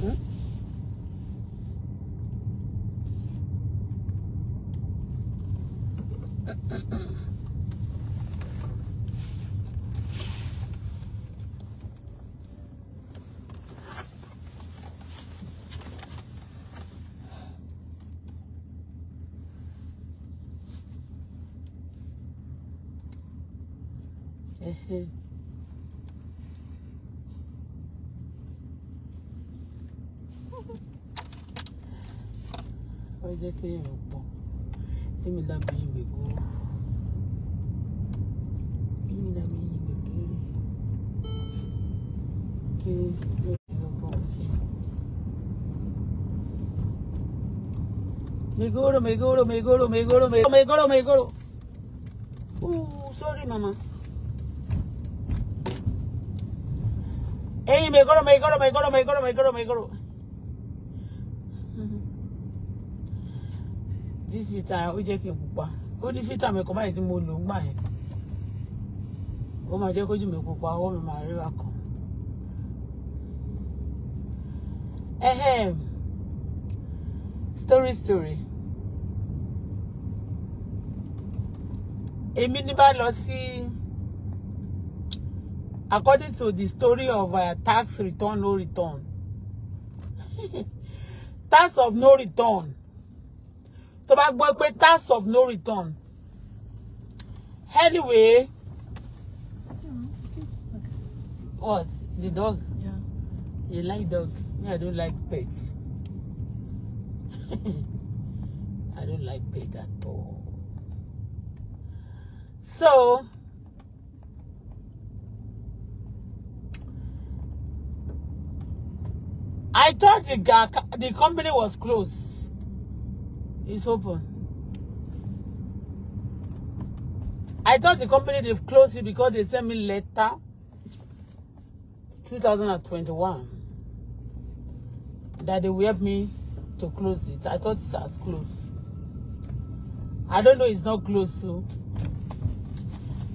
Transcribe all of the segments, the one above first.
응? me kéèyàn pọ̀ èmi dàbí ìwé me èmi Uh, sorry, mama. Hey, me me me tí fita ó jẹ́ kí n pupa ó ní fita mi kan báyìí tí mo lò ń gbà yẹn ó máa jẹ́ kójú mi pupa ọwọ́ mi máa ríra kan. Story story. Èmi ní bá lọ sí according to the story of uh, tax return no return. tax of no return bá gbọ́ pé tax of no return anyway what the dog yeah. you like dog me I don't like pets I don't like pets at all so I thought the, the company was closed. It's open. I thought the company they've closed it because they sent me letter 2021 that they will help me to close it. I thought it was closed. I don't know it's not closed so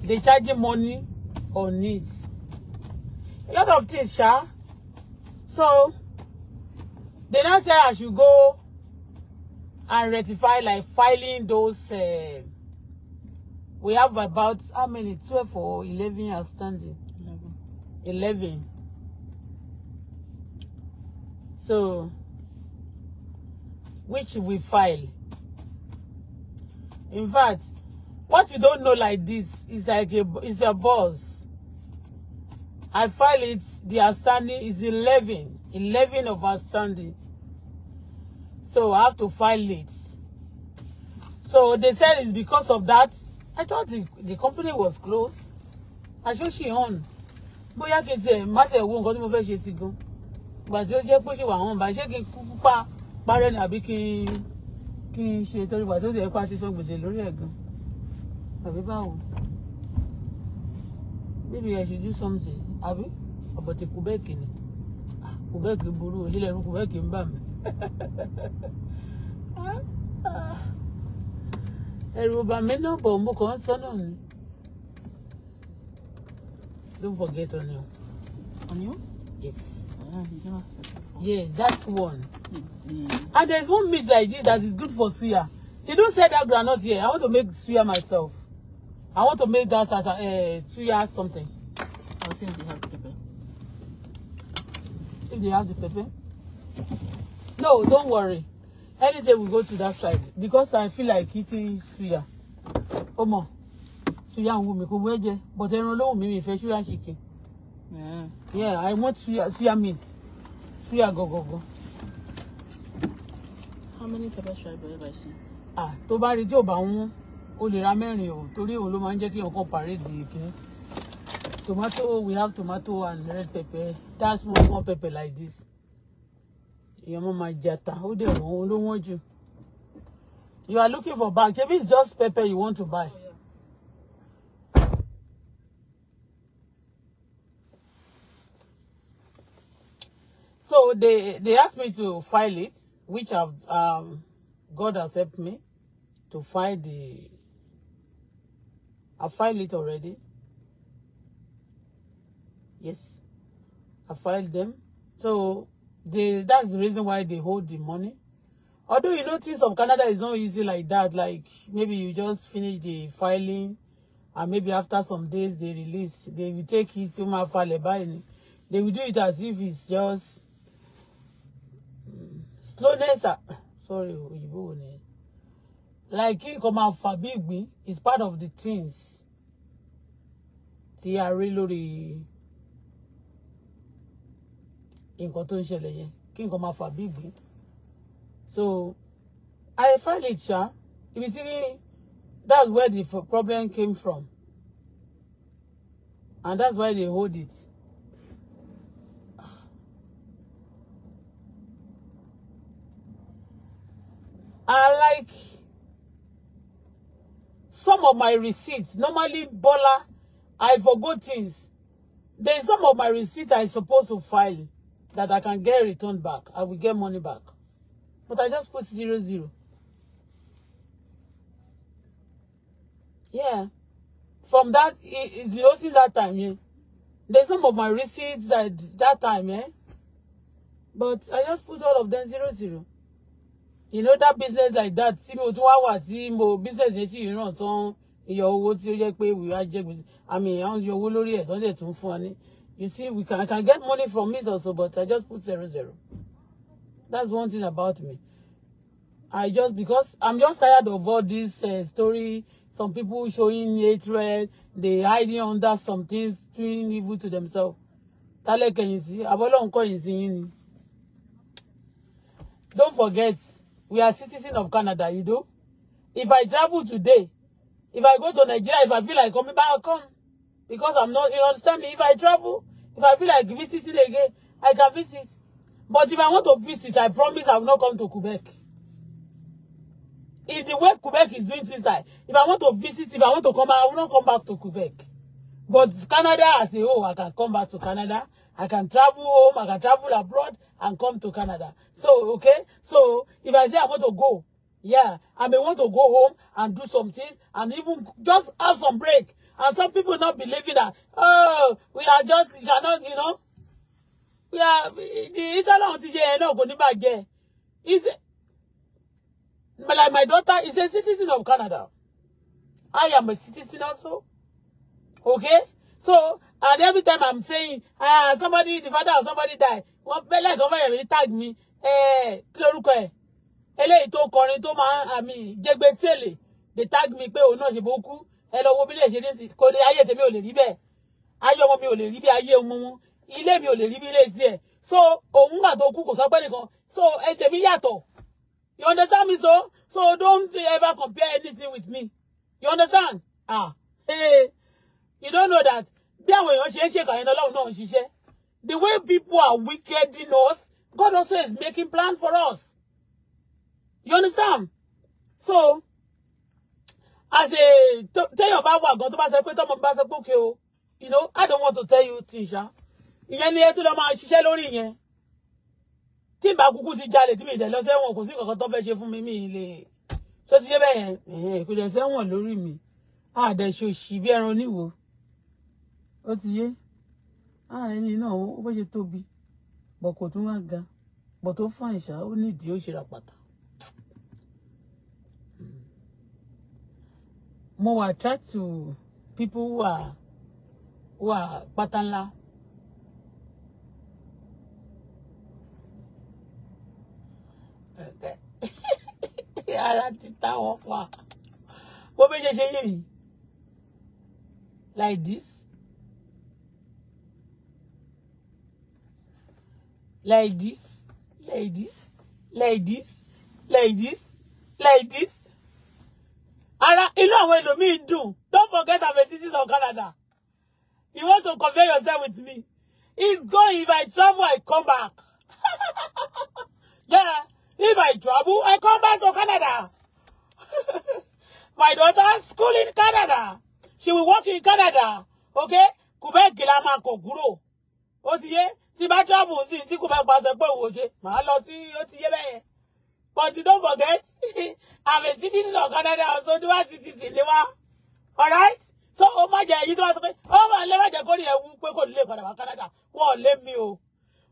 they charging money on it. A lot of things, sha. So they now say I should go and rectify like filing those uh, we have about how many 12 or 11 outstanding 11 11 so which we file in fact what you don't know like this is like a is your boss i file it the outstanding is 11 11 of outstanding So I have to file late. So they said it's because of that. I thought the, the company was closed. I ṣì hàn. on. But n can say matter won't go to mo fẹ́ ṣe But you just push it jẹ́ pé ṣe wà hàn bá ṣé kí n kúkú pa parẹ́ ni àbí You n kí n ṣe torí ìgbà tó ṣe pa ti Maybe I should do something. Àbí? Ọ̀bọ̀ ti Quebec ni. Ah, Quebec burú, òṣèlè ẹ̀rú Quebec ń bà mí ẹ̀rù bà mí náà bọ̀ mo kàn ń sọ ni don't forget onion onion yes uh, yeah. yes that one mm. and there is one meat like this that is good for suya they don sell that groundnut here i want to make suya myself i want to make that at uh, suya something. i was saying they have the pepper. if they have the pepper. No, don't worry. Anytime we go to that side because I feel like eating suya. Omo, suya ń wù mí kò but ẹran ló wù mí mi fẹ́ suya chicken. Yeah. Yeah, I want suya, suya meat. Suya go go go. How many pepper should I buy if I see? Ah, tó bá rí tí ò bá wọ́n, o lè ra mẹ́rin o torí òun ló máa ń jẹ́ kí ọkàn pàrédì kìíní. Tomato, we have tomato and red pepper. That's one more pepper like this èèyàn máa jata ó dẹ̀ wọ́n ó ló wọ́n jù you are looking for bag Maybe it's just paper you want to buy. So they they asked me to file it, which I've um, God has helped me to file the. I filed it already. Yes, I filed them. So They, that's the reason why they hold the money. Although you notice of Canada is not easy like that. Like maybe you just finish the filing and maybe after some days they release. They will take it to my file They will do it as if it's just mm, slowness. Ah, sorry, like come out for big me is part of the things. See, I really. lórí nǹkan tó ń ṣẹlẹ̀ yẹn kí nǹkan máa fà bí ìgbín so I file it ṣá ibi tí that's where the problem came from and that's why they hold it. I like some of my receipts. Normally, Bola, I forgot things. Then some of my receipts I supposed to file that I can get returned back. I will get money back. But I just put zero zero. Yeah. From that, zero since that time, yeah. There's some of my receipts that that time, eh? But I just put all of them zero zero. You know that business like that, see, mo tún wá see, tí business you see, you know, so your tí ó jẹ́ pé wíwá jẹ́ gbèsè àmì ìyá ń yọ owó lórí ẹ̀ tán dẹ̀ You see, we can, I can get money from it also, but I just put zero zero. That's one thing about me. I just, because I'm just tired of all this uh, story, some people showing hatred, they hiding under some things, doing evil to themselves. Tale can you see? Abolo unko you see Don't forget, we are citizens of Canada, you do. If I travel today, if I go to Nigeria, if I feel like coming back, I'll come. Because I'm not, you understand me? If I travel, If I feel like visiting again, I can visit. But if I want to visit, I promise I will not come to Quebec. If the way Quebec is doing things like, if I want to visit, if I want to come back, I will not come back to Quebec. But Canada I say, oh, I can come back to Canada. I can travel home, I can travel abroad and come to Canada. So, okay? So, if I say I want to go, yeah, I may want to go home and do some things and even just have some break And some people not believing that, oh, we are just, you cannot, you know. We are, it's a long time, know go back there. It's, like my daughter is a citizen of Canada. I am a citizen also. Okay? So, and every time I'm saying, ah, somebody, the father of somebody died, one like over here, tagged me, eh, kí lorúkọ ẹ̀, eléyìí tó kọrin, tó máa, I mean, they tag me, pé òun náà ṣe bó kú, ẹ lọ wo bílẹ̀ ìṣeré sí kò lè ayé tèmi ò lè rí bẹ́ẹ̀ ayé ọmọ mi ò lè rí bí ayé ọmọ wọn ilé mi ò lè rí bí ilé tiẹ̀ so òun gbà tó kú kò sọ pé nìkan so ẹ tèmi yàtọ̀ you understand me so so don't ever compare anything with me you understand ah hey, you don't know that bí àwọn èèyàn ṣe ń ṣèkà yẹn lọ́wọ́ náà ń ṣiṣẹ́ the way people are wicked in us God also is making plan for us you understand so as a téèyàn bá wà gan tó bá sọ pé tọmọ mi bá sọ pé òkè o you know i don't want to tell you Tisha. ṣá ìyẹn ni ẹ tó lọ máa ṣiṣẹ́ lórí ìyẹn tí ìbá kúkú ti jalè tí mi ìdẹ lọ sẹ́wọ̀n kò sí kankan tó fẹ́ ṣe fún mi mi lè tó ti yé bẹ́ẹ̀ yẹn ìpìlẹ̀ sẹ́wọ̀n lórí mi àdẹ̀ṣe òṣì bí ẹran oníwo ó ti yé ẹni náà ó bó ṣe tóbi bọ̀ kò tún wá ga bọ̀ tó fàǹṣà ó nídìí ó ṣe ràpàtà. more attract to people who are who are patanla. ara ti ta wọn pa wọn méje ṣe yé mi like this like this like this like this like this like this ara what you mean, do. don't forget I'm a citizen of Canada you want to compare yourself with me it's going. if I travel I come back yeah if I travel I come back to Canada my daughter's school in Canada she will work in Canada okay Quebec la máa kò kúrò ó ti travel sí tí Quebec bá sọ pé òun ò ṣe màá But you don't forget, I'm a citizen of Canada, also dual citizen, lewa. Alright? So, ó má jẹ́ èyí tó wá sọ pé, ó máa lè má jẹ́ kó rí ewu pé kò lè padà let me? Wọ́n lé mi o.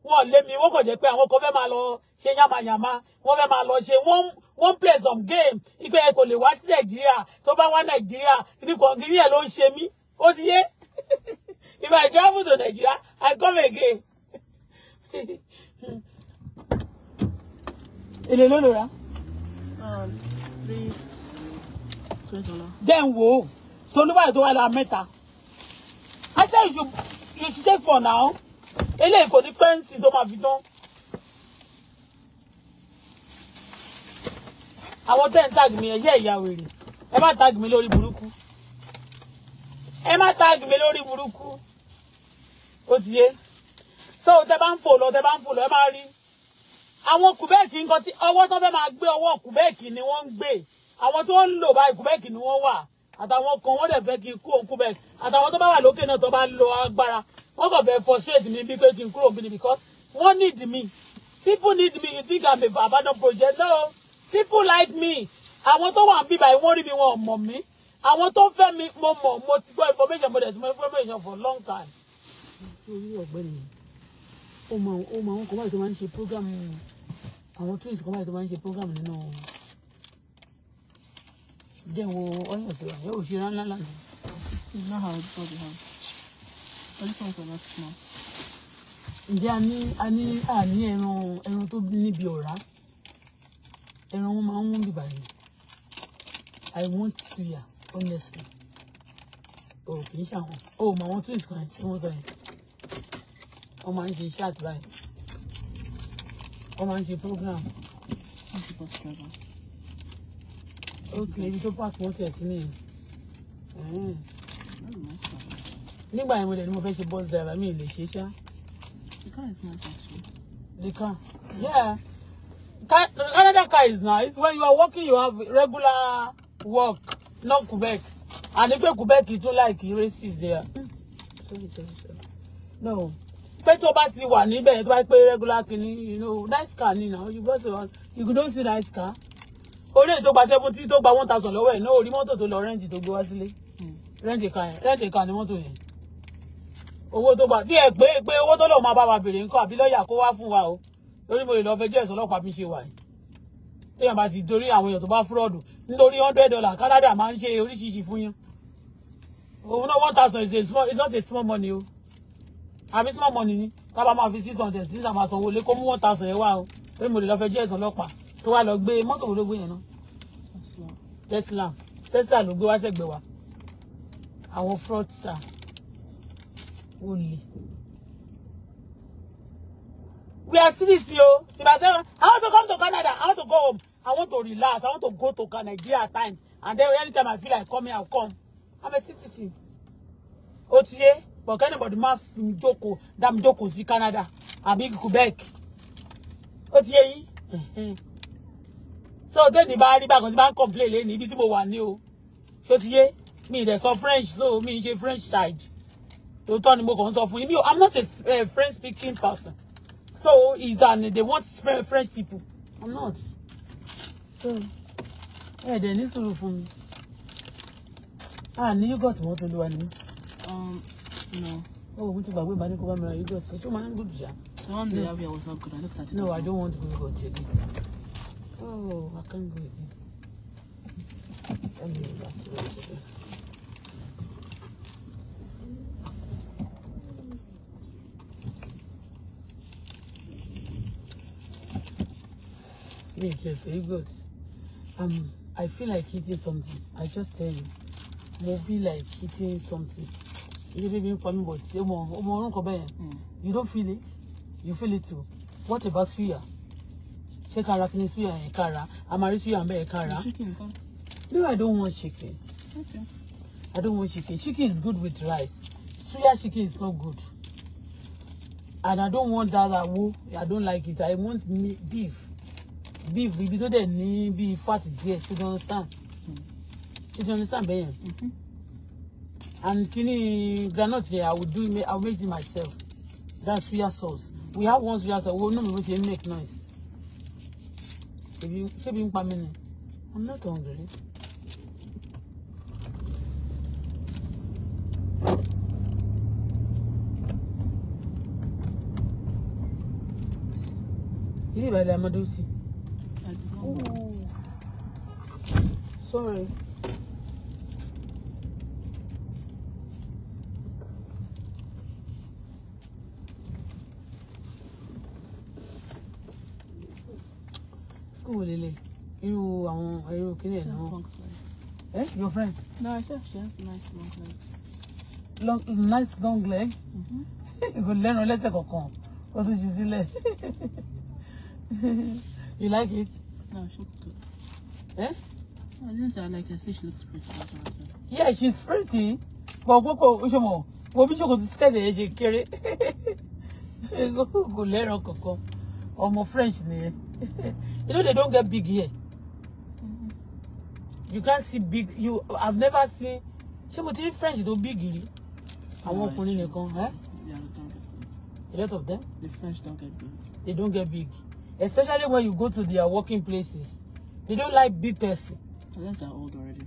Wọ́n lé mi, wọ́n kàn jẹ́ pé àwọn kan fẹ́ máa lọ ṣe yàmàyàmà, wọ́n fẹ́ máa lọ ṣe wọ́n wọ́n play some game. Ìpè ẹ kò lè wá sí Nàìjíríà, tó bá wá Nàìjíríà, nìkan kiri ẹ̀ ló ń ṣe mí. Ó ti yé? If I travel to Nigeria, I come again. èlé ló lò rà. then wo tolúbàdàn tó wà lọ mẹ́ta i say you should you should take for now Ele kò ní pẹ́ǹsì tó máa fi tán. àwọn tẹ́ ń tag mi ẹ̀ṣẹ́ ìyá wèrè ẹ má tag mi lórí burúkú ẹ má tag mi lórí burúkú ó ti yé so tẹ bá ń fò lọ tẹ bá ń fò lọ ẹ àwọn kùbẹ́ẹ̀kì nǹkan tí ọwọ́ tó fẹ́ máa gbé ọwọ́ kùbẹ́ẹ̀kì ni wọ́n ń gbé àwọn tó ń lò báyìí kùbẹ́ẹ̀kì ni wọ́n wà àtàwọn kan wọ́n dẹ̀ fẹ́ kí n kú òun kùbẹ́ẹ̀kì àtàwọn tó bá wà lókè náà tó bá lo agbára wọ́n kàn fẹ́ frustrate mi bí pé kí n kúrò bí ni because wọ́n need me people need me you think i'm a abandon project no people like me àwọn tó wà ń bí báyìí wọ́n rí mi wọn ò mọ̀ mí àwọn tó fẹ́ mi mo mọ̀ mo ti gbọ́ information mo dẹ̀ ti mọ̀ information for long time. ó mọ àwọn kan báyìí tó máa ń ṣe program wọn àwọn twins kan báyìí tó máa ń ṣe program nínú dẹ̀ wo ọyàn sí ọ̀yẹ́ òṣèré ńlá lánàá. it's not how it's called the house but this one's not small. ǹjẹ́ a ní a ní a ní ẹran ẹran tó níbi ọ̀rá ẹran wọn máa ń wọ́n bìbà yìí i want suya honestly o kì í ṣàwọn o mọ àwọn twins kan tí wọ́n sọ yẹn wọ́n máa ń ṣe iṣẹ́ àtúbáyé wọ́n máa ń ṣe program. ok ibi tó pààkì wọ́n tiẹ̀ sí nìyí. nígbà yẹn mo dẹ̀ ni mo fẹ́ ṣe bus driver mi lè ṣe ṣá. the car is nice actually. the car yeah. Car, Canada car is nice when you are working you have regular work not Quebec and if you Quebec you don't like races there. Sorry, sorry, sorry. no pé tó bá ti wà níbẹ̀ yẹn tó bá pé regular kìíní you know nice car ni na you got one, you don see nice car orí èyí tó gba seventy tó gba one thousand lọ́wọ́ ẹ̀ náà orí mọ́tò tó lọ rẹ́ǹtì tó gbé wá sílé hmm. rẹ́ǹtì kan yẹn rẹ́ǹtì kan ni mọ́tò yẹn owó tó gba tí ẹ pé pé owó tó lọ́ọ́ máa bá wa béèrè nǹkan àbí lọ́ọ̀yà kó wá fún wa o lórí mo lè lọ́ọ́ fẹjọ́ ẹ̀sán ọlọ́pàá mi ṣe wà yìí téèyàn bá ti dorí àwọn èèyàn tó bá fúrọ́ọ̀dù nítorí hundred dollar Canada máa ń ṣe oríṣiríṣi fún yín òun náà one thousand is a small is not a small money o àbí small money ni ká bá máa fi six hundred six hundred máa sanwó lé kó mú one thousand ẹ wá o pé mo lè lọ fẹ́ jẹ́ ẹ̀sán ọlọ́pàá tó wá lọ gbé mọ́tò wo ló gbé yẹn náà Tesla Tesla ló gbé wá sẹ́gbẹ̀ wa àwọn fraudster ò lè. we are serious o tí bá sẹ́wọ̀n I want to come to Canada I want to go home I want to relax I want to go to Nigeria at times and then anytime I feel like coming I come I'm a citizen. ó ti yé but kẹ́nìbọ̀dì má fi jókòó dámi jókòó sí Canada àbí Quebec ó ti so tẹ́ni bá rí bákan tí bá ń complain lé ní ibi tí mo wà ní o ṣó French so me, ì ṣe French side tòótọ́ turn mo kàn ń sọ fún I'm not a uh, French speaking person so is an they want French people I'm not so yeah. dẹ̀ ní sùúrù fún mi ah you got what to do anyway. Um, No. Oh, we took a back over my you got such a man good job. One day I was not good. I looked at it. No, I don't want to go to again. Oh, I can't go again. I mean, that's right. Me itself, you Um, I feel like eating something. I just tell you, movie like eating something ilé bíbí ń pa mí but ọmọ ọmọ ọrùn kan bẹ́ẹ̀ hmm. you don't feel it you feel it too what about suya ṣé kára kí ni suya yẹn kára amari suya ń bẹ́ẹ̀ kára no i don't want chicken okay. i don't want chicken chicken is good with rice suya chicken is not good and i don't want that That awo i don't like it i want beef beef ibi tó dẹ̀ ní bíi fat díẹ̀ you understand you hmm. understand bẹ́ẹ̀ yẹn. Mm-hmm and kini groundnut here i will do i will make it myself that's suya sauce we have one suya sauce wo no mi wo ṣe make noise ebi ṣé bí n pa mi ni i'm not hungry. ilé ìbàdàn amadu sí. sorry. irun wo lele irú àwọn irú kíni ẹ̀ náà. Eh, your friend? No, I said she has nice long legs. Long, nice long leg? Mm-hmm. Kò lẹ́nu lẹ́sẹ̀ kankan, ó tún ṣe sílẹ̀. You like it? No, she looks good. Eh? I didn't say I like her, I said she looks pretty. Yeah, she's pretty. But what I said. Yeah, she's pretty. But Koko, Ushomo, wo bí ṣòkòtò skirt yẹn ṣe kéré. Kò lẹ́nu kankan, ọmọ French nìyẹn. you know they don't get big here. Mm-hmm. You can't see big. You I've never seen. Ṣé mo ti French don't big rí? Àwọn ọkùnrin nìkan. Eh? Yeah, they don't A lot of them. The French don't get big. They don't get big, especially when you go to their working places. They don't like big person. Unless they're old already.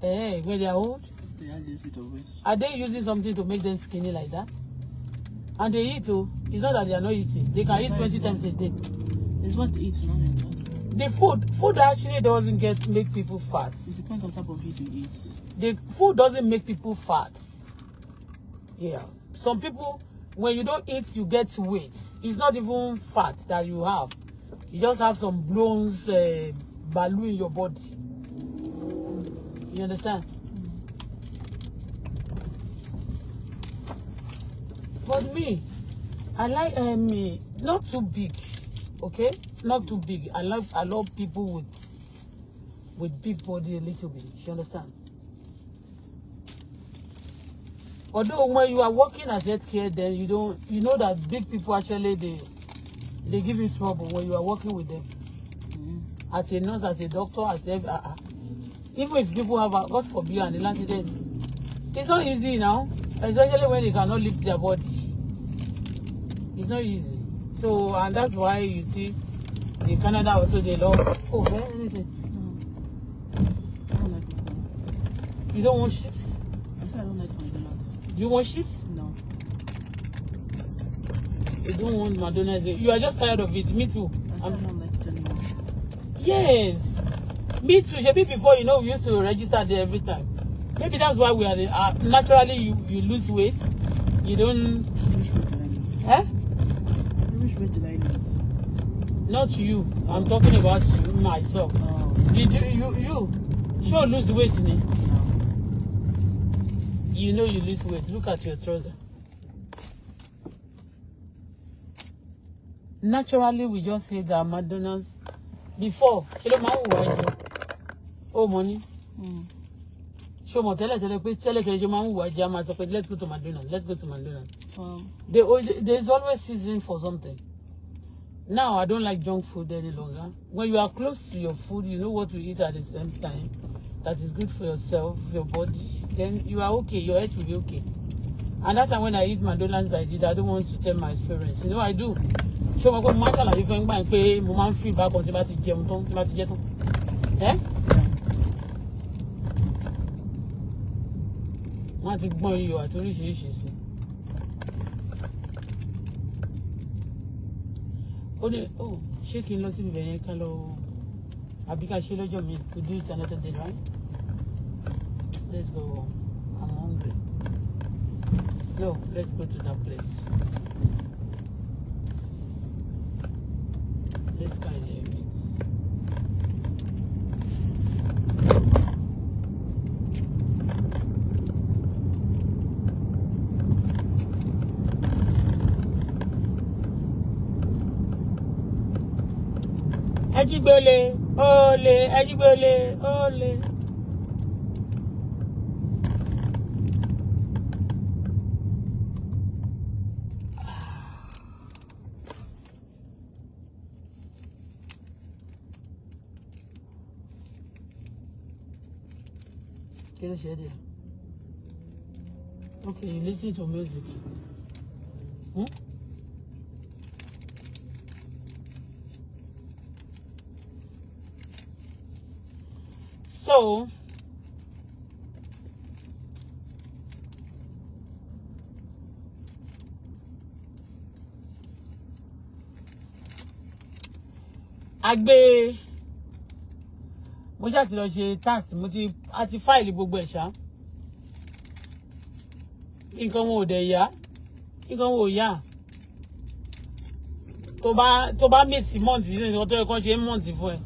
Hey, eh, when they are old. They have this bit of waist. Are they using something to make them skinny like that? And they eat, too. Oh. It's not that they are not eating. They can eat 20 times a day. It's what to eat, not what. The food, food actually doesn't get make people fat. It depends on type of food you eat. The food doesn't make people fat. Yeah. Some people, when you don't eat, you get weight. It's not even fat that you have. You just have some blown uh, eh, balloon in your body. You understand? But me, I like eh, me not too big. okay not too big i love i love people with with big body a little bit you understand although when you are working as healthcare then you don't you know that big people actually they they give you trouble when you are working with them mm-hmm. as a nurse as a doctor as a uh, uh, even if people have a god forbid an accident it's not easy now especially when they cannot lift their body it's not easy So and that's why you see in Canada also they love oh where is it? Hmm. I don't like McDonald's. You don't want chips? I said I don't like McDonald's. Do you want chips? No. You don't want McDonald's. You are just tired of it. Me too. I said I don't like it anymore. Yes. Me too. Maybe before you know we used to register there every time. Maybe that's why we are the, uh, naturally you, you lose weight. You don't. lose weight did I lose? Eh? Which way did Not you. I'm talking about you, myself. Oh. Did you, you, you? Sure, lose weight, me. No. You know you lose weight. Look at your trouser. Naturally, we just hate our McDonald's. Before, she ma. mind Oh, money. Mm ṣó mọ̀ tẹ́lẹ̀ tẹ́lẹ̀ pé tẹ́lẹ̀ tẹ́lẹ̀ ṣe máa ń wù ajá máa let's go to Madonna let's go to Madonna um, there is always season for something now I don't like junk food any longer when you are close to your food you know what to eat at the same time that is good for yourself your body then you are okay your health will be okay and that time when I eat McDonald's like this I don't want to tell my experience you know I do ṣé o mọ̀ pé mo máa ṣàlàyé fún ẹ gbà pé mo máa ń fi ìbákan tí bá ti jẹun tán tí bá ti jẹ tán. wọ́n ti gbọ́n iyọ̀ àti oríṣiríṣi sí i. ó ní ó ṣé kí n lọ síbi bẹ̀rẹ̀ ká lọ àbí ká ṣe lọ́jọ́ mi to do it another day right let's go i'm hungry No, let's go to that place let's buy there. ẹjígbé olè olè ẹjígbé olè olè. kí ló Okay, you listen to music. agbe mo ṣáà ti lọ ṣe tax mo ti a ti fáìlì gbogbo ẹ̀ ṣá nǹkan wọn ò dẹ̀ yá nǹkan wọn ò yá tó bá tó bá mèsì mọ́ǹtì nínú ìwọ́n tó yẹ kán ṣe mọ́ǹtì fún ẹ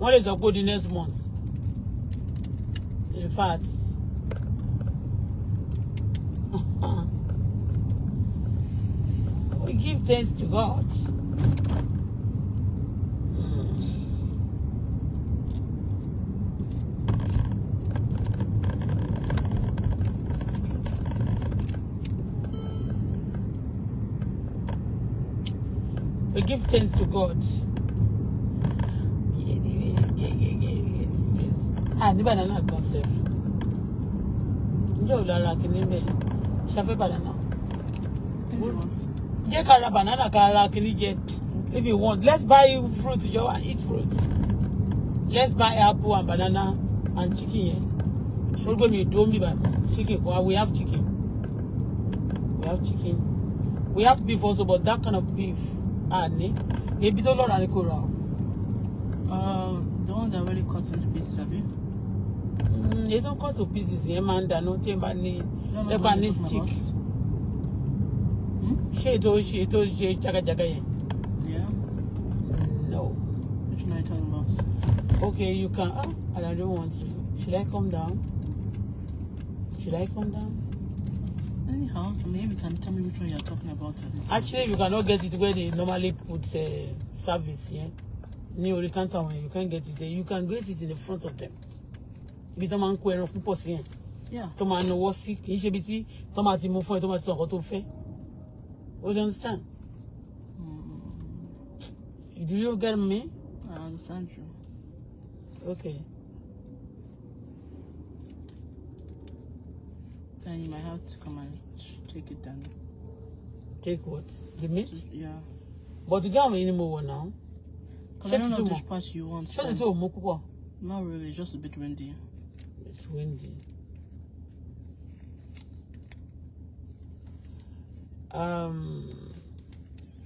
wọ́n lè sọ pé ó di next month. In fact, we give thanks to God. We give thanks to God. ní banana gan sef njẹ́ ò lára kìíní bẹ́ẹ̀ ṣafẹ́ banana jẹ́ ká ra banana kìíní jẹ if you want let's buy fruit jọ wa eat fruit let's buy apple and banana and chicken yẹn orúkọ mi ìdúró mi bá chicken kọ́ we have chicken we have chicken we have beef also but that kind of beef ah, àní ebi tó lọ́ra ni kò rà o. the one that really cut into pieces abi. Mm, they don't ń kọ́sù pieces yẹn máa ń dáná tí ẹ bá ní ẹ bá ní stick hmm? ṣé ètò ṣe ètò ṣe jagajaga yẹn. no. which night and month. okay you can ah and i don't want to should i come down should i come down. Anyhow, maybe you can tell me which one you're talking about. Actually, you cannot get it where they normally put uh, service, yeah? Near the counter, you can't get it there. You can get it in the front of them ibi tó máa ń kó ẹran púpọ̀ sí yẹn tó máa náwó sí kì í ṣe ibi tí tó máa ti mú fún ẹ tó máa ti sọ nǹkan tó fẹ́ o you understand hmm. do you get me. I understand you. okay. Then you might have to come and take it down. Take what? The meat? Yeah. But you can't have any more now. Because I don't know which part you want. Shut it up, Not really, just a bit windy. It's windy. Um,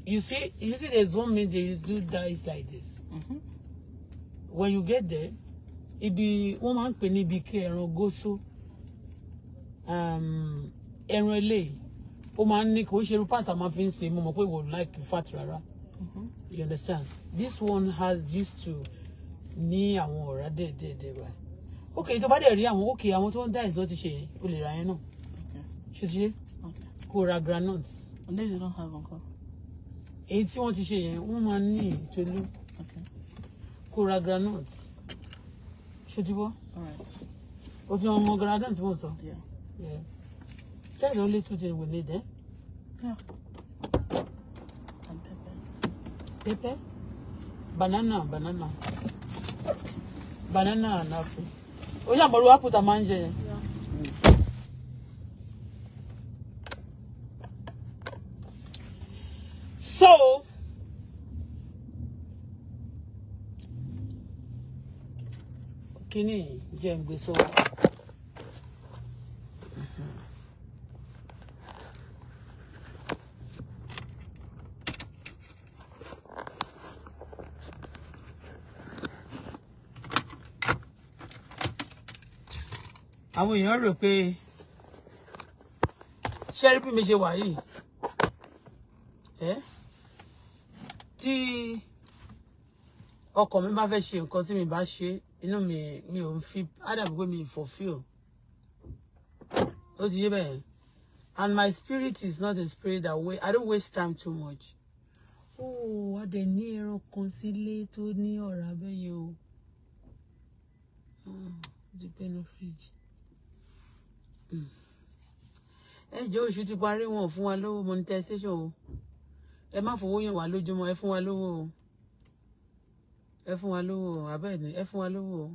you see, you see, there's one man they do dice like this. Mm-hmm. When you get there, it be máa ń pè ní ibi kí ẹran góso um, ẹran eléyìí ó máa ń ní kò ṣe irú pàtàkì máa fi ń ṣe fat rara. Mm-hmm. you understand this one has used to ní àwọn ọ̀rá dẹ̀dẹ̀dẹ̀ báyìí ok tó bá dẹ̀ rí àwọn ok àwọn tó ń dá ẹ̀sọ́ ti ṣe yẹn o lè ra yẹn náà ṣe ti ṣe kó ra groundnut. lẹ́yìn náà have nǹkan. èyí tí wọ́n ti ṣe yẹn wọ́n máa ní ìtolú kó ra groundnut ṣe ti bọ́ o ti ọmọ groundnut mọ̀ sọ that's the only two things we need. Eh? Yeah. And pepper. Pepper? Banana, banana. Banana and apple ó ṣàbọ̀rú wá pùtà máa ń so kíní jẹ́ ń gbé àwọn èèyàn rò pé ṣẹ́rí bí mi ṣe wà yìí tí ọkọ mi bá fẹ́ ṣe nǹkan tí mi bá ṣe inú mi mi ò fi ádàbí pé mi fulfill ó ti yé bẹ́ẹ̀ and my spirit is not a spirit that way I don't waste time too much. ó wà dẹ̀ ní ẹran kan sílé tó ní ọ̀rá bẹ́yẹ o. Mm, depend on fridge ẹ jẹ́ oṣù ti parí wọn fún wa lówó monetization o ẹ má fowó yàn wá lójúmọ́ ẹ fún wa lówó o ẹ fún wa lówó o abẹ́ẹ̀ ni ẹ fún wa lówó o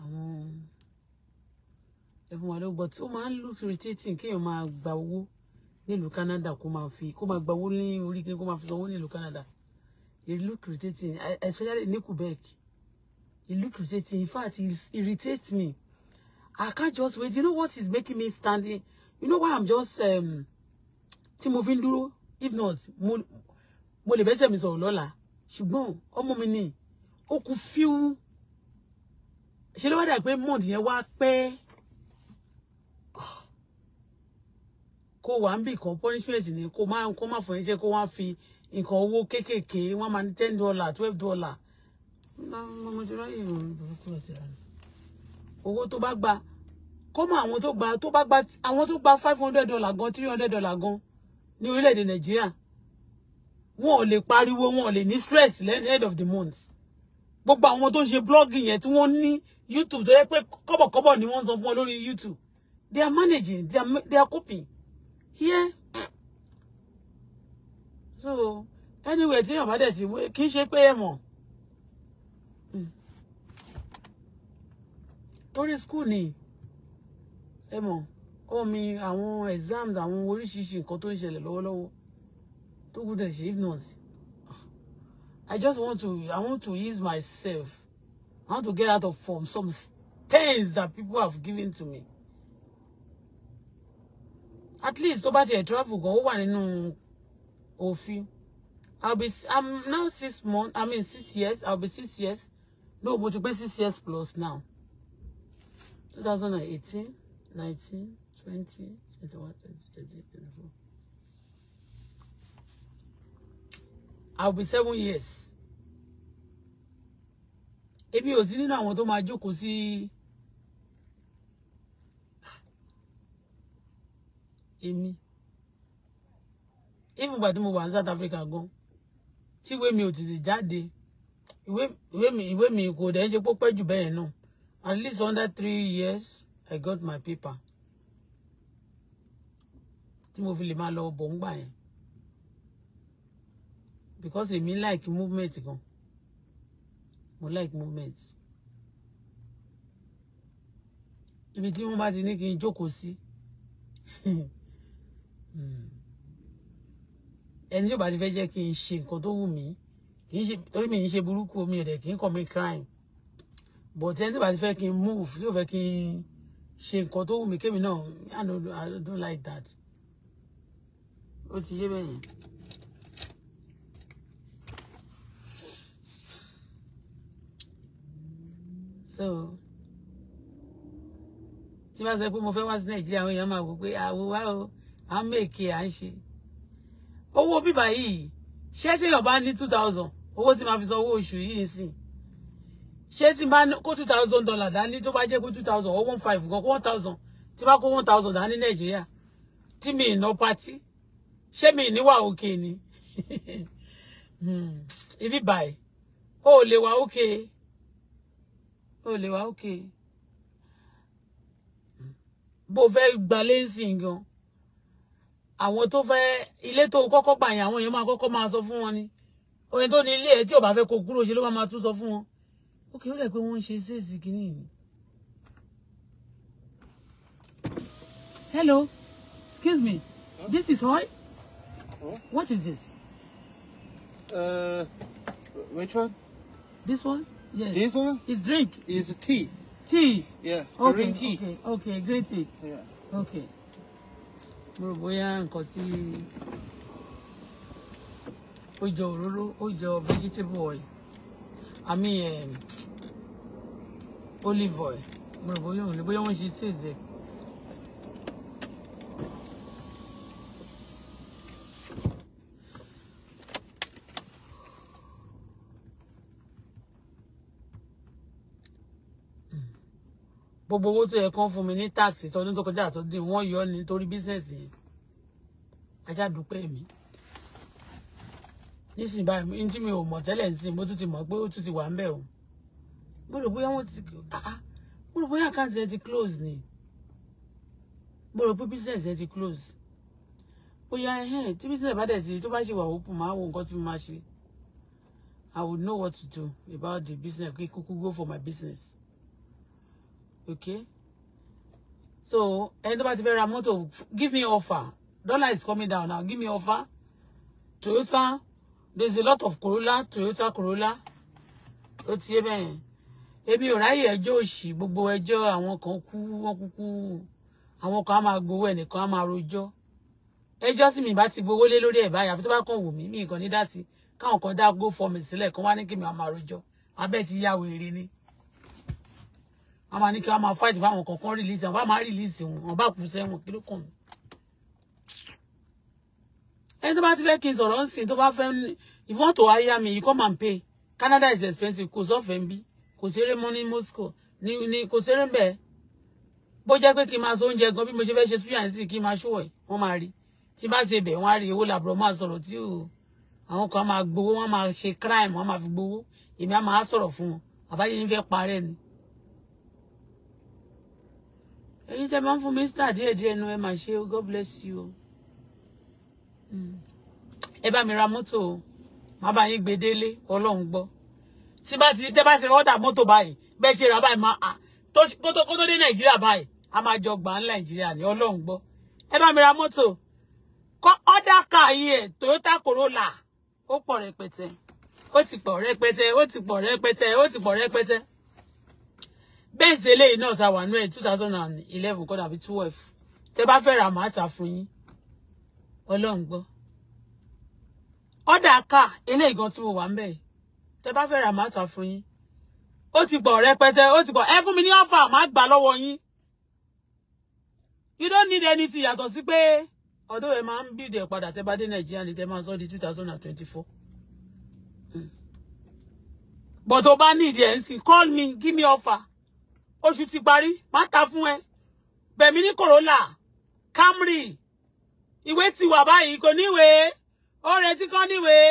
àwọn ẹ fún wa lówó but ó máa ń look irritating kéèyàn máa gba owó nílùú Canada kó máa fi kó máa gba owó ní orí kí kó máa fi sanwó nílùú Canada it look irritating especially ní Quebec it look irritating in fact it irritates me I can't just wait. You know what is making me standing? You know why I'm just um tí mo If not, mo mo lè bẹ́sẹ̀ mi sọ̀rọ̀ lọ́la. Ṣùgbọ́n ọmọ mi ni ó kù fíú. Ṣé ló wá dà pé mọ́ọ̀dì yẹn wá pẹ́? Kó wà ń bì kan punishment ni kó má kó má fọ iṣẹ́ kó wá fi nǹkan owó kéékèèké wọ́n máa ní ten dollar twelve dollar. Mo ti ráyè ìròyìn burúkú ọ̀tí rà ni owó tó bá gba kó mọ àwọn tó gba tó bá gba àwọn tó gba five hundred dollar gan three hundred dollar gan ní orílẹ̀-èdè nàìjíríà wọn ò lè pariwo wọn ò lè ní stress lẹ́nu head of the month gbogbo àwọn tó ń ṣe blogging yẹn tí wọ́n ní youtube tó yẹ pé kọ́bọ̀kọ́bọ̀ ni wọ́n ń san fún wọn lórí youtube they are managing they are, they are coping here yeah. so anyway tí èèyàn bá dẹ̀ ti wé kì í ṣe pé ẹ mọ̀. torí school ni ẹ mọ̀ omi àwọn exams àwọn oríṣiríṣi nǹkan tó ń ṣẹlẹ̀ lọ́wọ́lọ́wọ́ tó kù dẹ̀ if not I just want to I want to ease myself I want to get out of from some stains that people have given to me at least tó bá tiẹ̀ travel gan ó wà nínú òfin I'll be I'm now six months I mean six years I'll be six years no mo ti pé six years plus now. 2018, 19, 20, 21, 22, 24. I'll be seven years. Èmi ò sí nínú àwọn tó máa jókòó sí èmi. Even ìgbà tí mo wà ní South Africa gan, tí ìwé mi ò tètè jáde, ìwé mi kò dẹ̀ ń ṣe pọ́pẹ́ jù bẹ́ẹ̀ náà. At least under three years, I got my paper. Tí mo fi lè máa lọ bọ̀ ń Because èmi like movement gan. Mo like movement. Ibi tí wọ́n bá ti ní kí n jókòó sí. Ẹni tí ò bá ti fẹ́ jẹ́ kí n ṣe nǹkan tó wù mí. Kì í ṣe torí mi ń ṣe burúkú omi ọ̀dẹ̀ kì í commit crime but ẹni tó bá ti fẹ́ kí n move tó fẹ́ kí n ṣe nǹkan tó wù mí kémi náà I don't, like that ó ti yé bẹ́yẹn. so tí bá sọ pé mo fẹ́ wá sí nàìjíríà àwọn èèyàn máa wò pé àwọn ah, wá o à ń mèkè à ń ṣe owó bíbá yìí ṣé téèyàn bá ní two thousand owó tí màá fi san owó oṣù yìí ń ṣé tí n bá kó two thousand dollar dání tó bá jẹ́ pé two thousand or one five gan one thousand tí bá kó one thousand dání nàìjíríà tí mi ìná patí ṣé mi ìníwà òkè ni hmm, ibi báyìí ó lè wà òkè ó lè wà òkè bó fẹ́ gba lẹ́sìn gan àwọn tó fẹ́ ilé tó kọ́kọ́ gbà yẹn àwọn èèyàn máa kọ́kọ́ máa sọ fún wọn ni oyin tó ní ilé ẹ̀ tí ò bá fẹ́ kó kúrò ṣe ló máa tún sọ fún wọn ó kì í lẹ̀ pé wọ́n ń ṣe ṣéèsì kìíní ni. hello excuse me huh? this is oil huh? what is this. Uh, which one. this one. yes this one. it's drink. it's tea. tea. yeah okay, green tea. okay okay green tea. yeah okay. Bro, rò bóyá nǹkan tí ó jọ òróró ó jọ vegetable oil i mean. Um, olive oil mo rò bóyá òun lè bóyá wọ́n ṣe ṣèṣe. gbogbo owó tó yẹ kán fún mi ní táàkì tọdún tó kọjá àtọdún wọn yọ nítorí bísínẹsì yẹn ajá dúpẹ́ mi nísìnyí báyìí ní tí mi ò mọ̀ tẹ́lẹ̀ nísìnyí mo tún ti mọ̀ pé ó tún ti wà ń bẹ̀ o mo rò bóyá wọ́n ti ah, ah. mo rò bóyá àkáǹtì ẹ ti close ni mo rò pé business ẹ ti close bóyá eh, tí business bá dẹ̀ ti tó bá ṣe wà open máa wo nǹkan tí mo máa ṣe I would know what to do about the business kí kúkú go for my business okay so ẹni tó bá ti fẹ́ ra mọ́tò give me offer dollar is coming down now give me offer Toyota there is a lot of Corolla Toyota Corolla ó ti yé bẹ́ẹ̀ ebi ò ráyè ẹjọ́ òṣì gbogbo ẹjọ́ àwọn kan kú wọ́n kúkú àwọn kan á máa gbowó ẹnìkan á máa rojọ́ ẹjọ́ tí mi bá ti gbowó lé lórí ẹ̀ báyìí àfi tó bá kàn wù mí mi nǹkan ní dátì káwọn kan dá gbó fọmì sílẹ̀ kan wá ní kí mi á máa rojọ́ abẹ́ ti ya wèrè ni wọ́n máa ní kí wọ́n máa fight fáwọn kọ̀ọ̀kan release wọn bá máa release wọn wọn bá kú sẹ́wọ̀n kí ló kàn mí. ẹni tó bá ti fẹ́ kí n sọ̀rọ̀ ń sìn tó bá fẹ́ if you want to hire me you come pay Canada is expensive kò sọ́fẹ̀ẹ́ ń kò ṣeré mọ́ ní Moscow ní ní kò ṣeré bẹ́ẹ̀ bó jẹ́ pé kí n máa sọ oúnjẹ gan bí mo ṣe fẹ́ ṣe súyàn sí kí n máa ṣòwò wọ́n máa rí tí bá ṣe bẹ̀ wọ́n á rí owó làbúrò máa sọ̀rọ̀ tí ò àwọn kan máa gbowó wọ́n máa ṣe crime wọ́n máa fi gbowó èmi á máa sọ̀rọ̀ fún wọn àbáyé ní fẹ́ parẹ́ ni. èyí tẹ́ bá ń fún mínísítà díẹ̀díẹ̀ nu ẹ máa ṣe God bless you o hmm. ẹ bá mi ra mọ́tò o má bá yín gbé délé ọlọ́run gbọ́ tí ba ti tẹ́ bá ṣe rọ́dà mọ́tò báyìí bẹ́ẹ̀ ṣe rà báyìí máa à kó tó dé nàìjíríà báyìí a máa jọ gbà ń nàìjíríà ní ọlọ́run gbọ́ ẹ bá mi ra mọ́tò kọ́ ọ́dà kà yìí ẹ̀ Toyota Corolla O pọ̀ rẹpẹtẹ ó ti pọ̀ rẹpẹtẹ ó ti pọ̀ rẹpẹtẹ ó ti pọ̀ rẹpẹtẹ bẹ́ẹ̀nsì eléyìí náà ta wà nú ẹ̀ two thousand and eleven kọ́ dàbí twelve tẹ́ bá fẹ́ ra màá ta fún yín ọlọ́run gbọ́ ọ́dà kà eléyìí gan tí mo wà ń bẹ̀yìí tẹ́ bá fẹ́ rà má ta fún yín ó ti pọ̀ rẹpẹtẹ ó ti pọ̀ ẹ fún mi ní ọ̀fà má gbà lọ́wọ́ yín you don't need anything yàtọ̀ sí pé ọ̀dọ́ ẹ máa ń bídè padà tẹ́ bá dé nàìjíríà ní tẹ́ máa sọ di two thousand and twenty four hmm. but o bá need ẹ̀ ń call me give me offer oṣù ti parí má ta fún ẹ bẹ̀mí ní corolla camry ìwé ti wà báyìí kò níwèé ó retí kan níwèé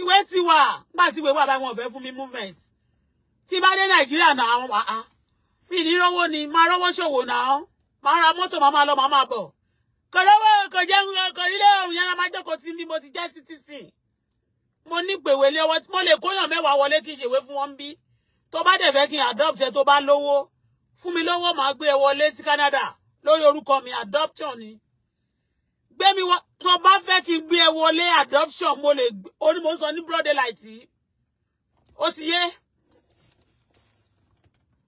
ìwé ti wà nígbà tí ìwé wà báyìí wọn ò fẹ́ fún mi movement tí bá dé nàìjíríà náà àwọn wàá mi ní rówó ni máa rówó ṣòwò náà máa ra mọ́tò máa máa lọ máa máa bọ̀ kò rówó kò jẹun kò nílé òun yẹn máa jókòó tí mi mo ti jẹ́ citizen si mo ní pèwé lé ọwọ́ mo lè kóyàn mẹ́wàá wọlé kí n ṣèwé fún wọn bí tó bá dẹ̀ fẹ́ kí n adopt ẹ tó bá lówó fún mi lówó máa gbé ẹ wọlé sí Canada lórí orúkọ mi adoption ni gbé mi wá tó bá fẹ́ kí n gbé ẹ wọlé adoption mo lè ó ní mo ń sọ ní broad daylight yìí ó ti yé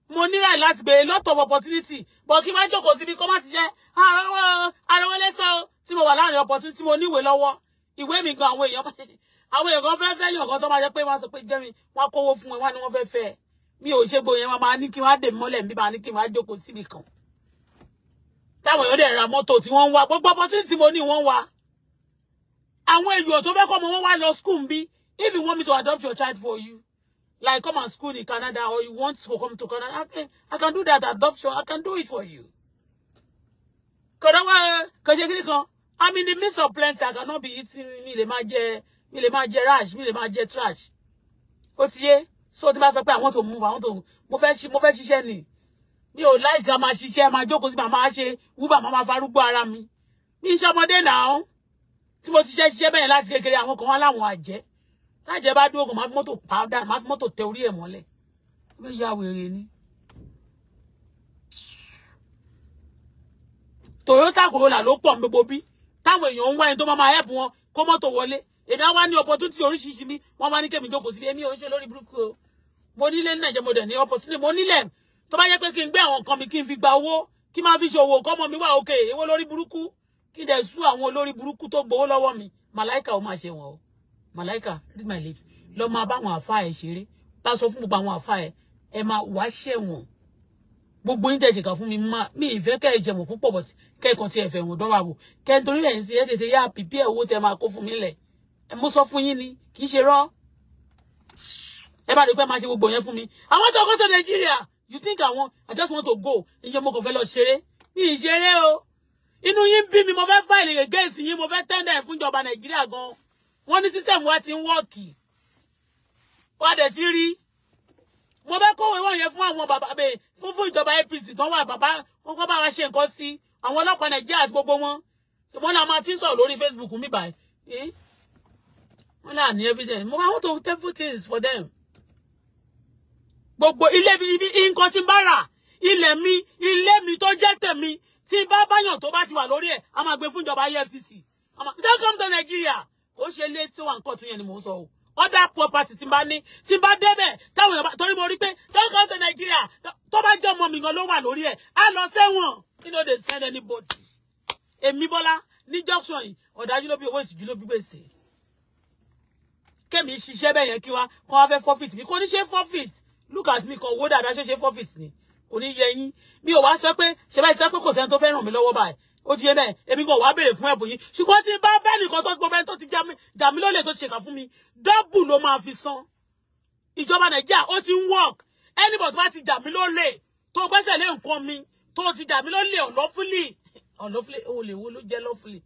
mo níra láti gbé a lot of opportunity but kí n má jókòó síbi kó má ti ṣe àrẹwọ́ lẹ́sàn án tí mo wà láàrin opportunity mo níwèé lọ́wọ́ ìwé mi gan àwọn èèyàn àwọn èèyàn kan fẹ́ fẹ́ yàn kan tó máa jẹ́ pé wọ́n sọ pé jẹ́mi wọ́n kówó fún ẹ wọ́n ní wọ́n fẹ́ fẹ́ mi ò ṣe gbòòyàn máa ní kí wọ́n á dè mọ́lẹ̀ mi máa ní kí wọ́n á jókòó síbi kan táwọn èèyàn dẹ̀ ra mọ́tò tí wọ́n ń wa gbogbo ọpọtí tí mo ní wọ́n wa àwọn èèyàn tó fẹ́ kọ́ ọmọ wọn wá lọ school bí if you want me to adopt your child for you like come and school in Canada or you want to come to Canada I can, I can do that adoption I can do it for you kọ̀dọ̀wọ́ kọ̀jẹ́gírí kan I'm in the midst of plenty I cannot be eating mi lè máa jẹ mi lè máa jẹ rash mi lè máa jẹ trash ó ti yé so tí bá sọ pé I want to move I want to mo fẹ́ ṣiṣẹ́ ni mi o like máa ṣiṣẹ́ máa jókòó sí màmá ṣe wúbà máa farúgbó ara mi ní ìṣọmọdé náà tí mo ti ṣe ṣiṣẹ́ bẹ́ẹ̀ láti kékeré àwọn kan wá láwọn àjẹ́ lájẹ́ bá dúró kan máa fi mọ́tò pàdà máa fi mọ́tò tẹ orí ẹ̀ mọ́lẹ̀ ni. Toyota Corolla ló pọ̀ gbogbo bí táwọn èèyàn ń wá ẹni tó máa help wọn kó mọ́tò wọlé èmi á wá ní opportunity oríṣiríṣi ni wọ́n wá ní kémi jókòó síbi èmi ò ń ṣe lórí burúkú o mo nílé ní Nàìjíríà mo dẹ̀ opportunity mo nílẹ̀ tó bá yẹ pé kí n gbé àwọn nǹkan mi kí n fi gba owó kí máa fi ṣòwò kọ́mọ mi wà òkè èwo lórí burúkú kí dẹ̀ sú àwọn olórí burúkú tó gbowó lọ́wọ́ mi màláìkà ó máa ṣe wọn o màláìkà read my lips lọ máa bá àwọn àfa ẹ̀ ṣeré tá a sọ fún gbogbo àwọn àfa ẹ̀ ẹ máa wá ṣẹ̀wọ̀n gbogbo yín tẹ̀síkà fún mi máa mi ìfẹ́ kẹ́ ẹ jẹ̀mọ̀ púpọ̀ bọ̀ kẹ́ẹ̀kan ti ẹ̀fẹ̀ wọ̀n dọ́wà wò kẹ́ ń torí rẹ̀ ń sin ẹ́ tètè yá pípí ẹ̀ owó tẹ máa kó fún mi lẹ̀ mo sọ fún yín ni kì í ṣe rọ́ ẹ bá rí pé máa ṣe gbogbo yẹn fún mi àwọn tó kọ́ tó Nàìjíríà you think i want i just want to go in your kàn fẹ́ lọ ṣeré mi ì ṣeré o inú be bí mi mo fẹ́ fáìlì against yín mo fẹ́ tẹ́ndà ẹ̀ fúnjọba job gan wọ́n ní is wa ti ń wọ́ọ̀kì wá dẹ̀ ti rí mo want kọ̀wé wọ̀nyí yẹn fún àwọn bàbá bẹ́ẹ̀ fún fún ìjọba apc Don't wà baba. wọn go bá wa ṣe nǹkan sí àwọn ọlọ́pàá nàìjíríà àti gbogbo wọn wọn náà máa ti ń sọ̀rọ̀ lórí facebook mi báyìí wọn náà ní evidence mo wá wọ́n tó tẹ́fù things for them gbogbo ilé mi ibi nǹkan tí n bá rà ilẹ̀ mi ilé mi tó jẹ́ tèmi tí bá báyàn tó bá ti wà lórí ẹ̀ a máa gbé fún ìjọba EFCC don't come to Nigeria kò ṣe lé tí wọn kàn tún yẹn ni mò ń sọ o other property tí n bá ní tí n bá débẹ̀ táwọn èèyàn torí mo rí pé don't come to Nigeria tó bá jẹ́ ọmọ mi gan ló wà lórí ẹ̀ á lọ sẹ́wọ̀n you know they send anybody èmi bọ́lá ní junction yìí ọ̀dájú ló bí owó ìtìjú ló bí gbèsè kémi ṣiṣẹ́ bẹ́ẹ̀ yẹn kí wá kọ́ wá fẹ́ forfeit mi kò ní ṣe forfeit look at me kan owó dáadáa ṣe ṣe forfeit ni kò ní yẹ mi o wa sọ pé ṣe báyìí sọ pé kò sẹ́ni tó fẹ́ ràn mi lọ́wọ́ báyìí ó ti yẹ bẹ́ẹ̀ èmi kò wá béèrè fún ẹ̀bùn yìí ṣùgbọ́n tí bá bẹ́ẹ̀ nìkan tó gbọ́ bẹ́ẹ̀ tó ti jà mí lólè tó ti ṣèkà fún mi dọ́bù ló máa fi san ìjọba nàìjíríà ó ti work anybody bá ti jà mí lólè tó gbẹ́sẹ̀ lé nǹkan mi tó ti jà mí lólè ọ̀lọ́fúlì ọ̀lọ́fúlì ó lè wo ló jẹ́ lọ́fúlì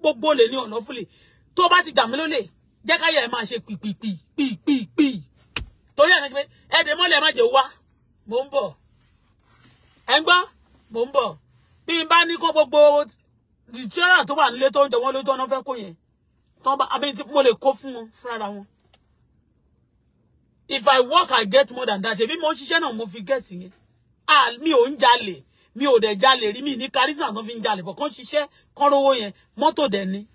gbogbo lè ní ọ̀lọ́fúlì tó bá ti jà mí lólè jẹ́ káyà ẹ̀ máa ṣe pìpìpì pìpìpì torí àná ṣe pé ẹ̀dẹ̀ mọ́lẹ̀ má wá mò ń bọ̀ ẹ̀ mò ń bọ̀ bí n bá ní kó gbogbo ìjẹ́rà tó wà nílé tó ń jẹ wọ́n lójú ọ̀nà fẹ́ kó yẹn tán bá abẹ́ni tí mo lè kó fún wọn fúnra wọn if I work I get more than that èmi mo ń ṣiṣẹ́ náà mo fi get yẹn ah mi ò ń jalè mi ò dẹ̀ jalè rí mi ní charisma kan fi ń jalè bọ̀ kán ṣiṣẹ́ kán rówó yẹn mọ́tò dẹ̀ ni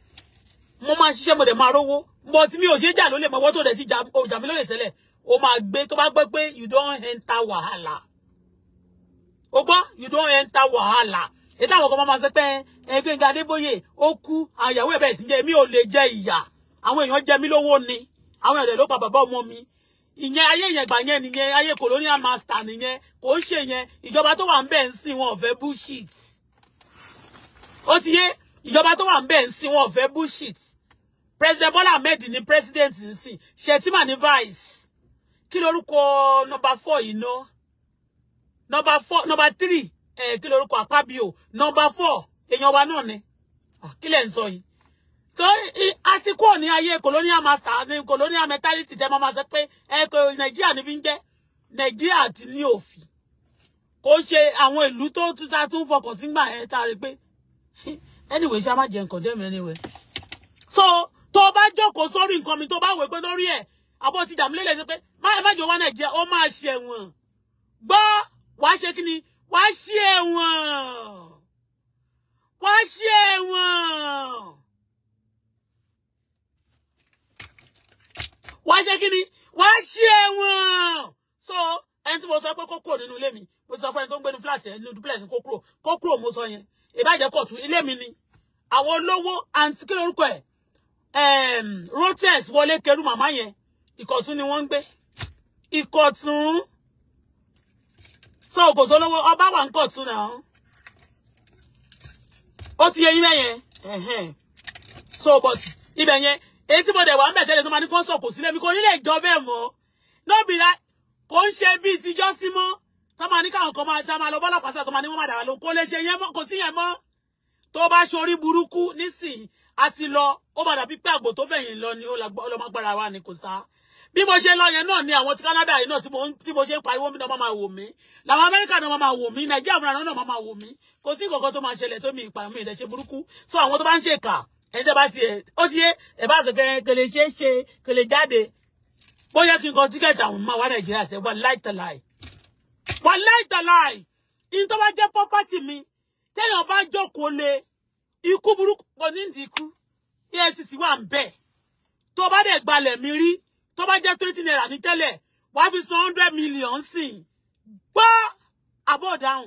mo máa ṣiṣẹ́ mo dẹ̀ máa rówó but mi ò ṣe jà lólè mọ́ wọ́tò dẹ̀ ti jà mi lólè tẹ́lẹ̀ ó máa gbé tó bá gbọ́ pé you don't enter wahala. ó gbọ́ you don't enter wàhálà ètò àwọn kan máa sọ pé ẹgbẹ́ nga adébóyè ó kú àyàwó ẹ̀bẹ̀ ti jẹ́ mi ò lè jẹ ìyà àwọn èèyàn jẹ mí lówó ni àwọn ẹ̀rẹ̀ ló pa bàbá ọmọ mi ìyẹn ayé yẹn gbà yẹn nìyẹn ayé colonial master nìyẹn kò ń ṣe yẹn ìjọba tó wà ń bẹ̀ ń sìn wọn ò fẹ́ bullshit ó ti yé ìjọba tó wà ń bẹ̀ ń sìn bullshit president Bola Ahmed ni president ń sìn ni vice kí lorúkọ nọmba four yìí ná nọmba four nọmba three ẹ kí lorúkọ àpábíò nọmba four èèyàn wa náà ni ah, kí lẹ̀ ń sọ yìí a ti kúrò ní ayé colonial master ní colonial mentality tẹ máa ma sọ pé ẹkọ nàìjíríà níbi ń jẹ nàìjíríà ti ní òfin kò ṣe àwọn ìlú tó túta tún fọkàn sígbà ẹ ta rí pé anyway ṣá má jẹ nǹkan dẹ́mi anyway so tó o bá jókòó sórí nǹkan mi tó bá wò pé lórí ẹ àbọ̀ ti dàmú lélẹ̀ pé májọ wá nàìjíríà ó máa ṣe ẹ̀wọ̀n gbọ́ wàá ṣe kí ni wàá ṣe ẹ̀wọ̀n wàá ṣe ẹ̀wọ̀n wàá ṣe kí ni wàá ṣe ẹ̀wọ̀n so ẹni tí mo sọ pé kó kúrò nínú ilé mi mo ti sọ fún ẹni tó ń gbé ní fúláàtì ẹni dúpẹ́lẹ̀ ní kó kúrò kó kúrò mo sọ yẹn ìbàjẹ́ kọ̀tù ilé mi ni àwọn olówó àǹtí kí lórúkọ ẹ̀ rotex wọlé kẹrù màmá yẹn ìkọ̀tún ni wọ́n ń gbé Ìkọ̀tún so kò sólówó ọba wà ń kọ̀tún náà ó ti yẹ yín mẹ́yẹn so but ibẹ̀ yẹn èyí tí mo dẹ̀ wà ń bẹ̀ tẹ́lẹ̀ tó máa ní kó sọ̀kò sílẹ̀ mi kò nílẹ̀ ìjọ bẹ́ẹ̀ mọ́ lóbìnrin kò ń ṣe bíi tijọ́ sí mọ́ tó máa ní káwọn kan máa tá máa lọ bọ́lọ́pàá sà tó máa ní wọ́n máa dàgbà ló kó lè ṣe yẹn mọ́ kò sí yẹn mọ́ tó bá ṣorí burúkú nísìnyí a ti lọ ó padà pípẹ́ àgbò tó fẹ̀yìn lọ ni ó lọ máa gbára wa ni kò sá bí mo ṣe lọ yẹn náà ni àwọn ti Canada yìí náà tí mo ṣe ń pariwo mi náà máa wò mí làwọn Amẹ́ríkà náà máa wò mí Nàìjíríà fúnra náà máa wò mí kò sí nǹkan tó máa ṣẹlẹ̀ tó mi ìpàmì ìdẹ̀ṣe burúkú so àwọn tó bá ń ṣèkà ẹni tẹ́ bá ti ẹ̀ ó ti yé ẹ̀ bá sọ pé kò lè ṣe é ṣe kò lè jáde bóyá kí n kọ tíkẹ́ẹ̀tì àwọn ọmọ wa Nàìjíríà ṣe wà láìtàláì wà láìtàláì in tó bá jẹ́ pọ́pátì mi téèyàn bá jókòó lé ikú burúkú kò ní ìdí ikú EFCC wà ń bẹ̀ tó bá dẹ̀ gbalẹ̀ mi rí tó bá jẹ́ twenty naira ní tẹ́lẹ̀ wàá fi san hundred million sí i gbọ́ àbọ̀ ọ̀daràn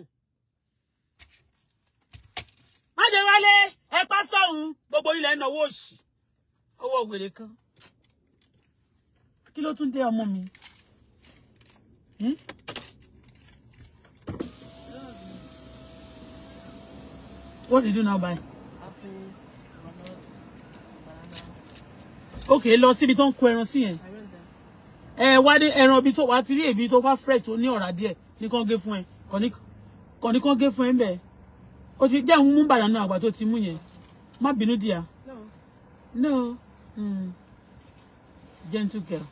má jẹ wálé ẹ pa sọ́hun gbogbo ilẹ̀ náwó òṣì owó ògbèrè kan kí ló tún dé ọmọ mi. Hm? What did you now buy? Apple, walnuts, banana. Okay, lọ síbi tó ń kó ẹran sí yẹn ẹ wá dé ẹran ibi tó wá ti rí èbi tó fá fresh tó ní ọ̀rá díẹ̀ ní kàn gé fún ẹ kàn ní kàn gé fún ẹ ń bẹ̀ ó ti jẹ́ àwọn mú bàdánù àgbà tó ti mú yẹn má bínú díà no mm. gentle girl.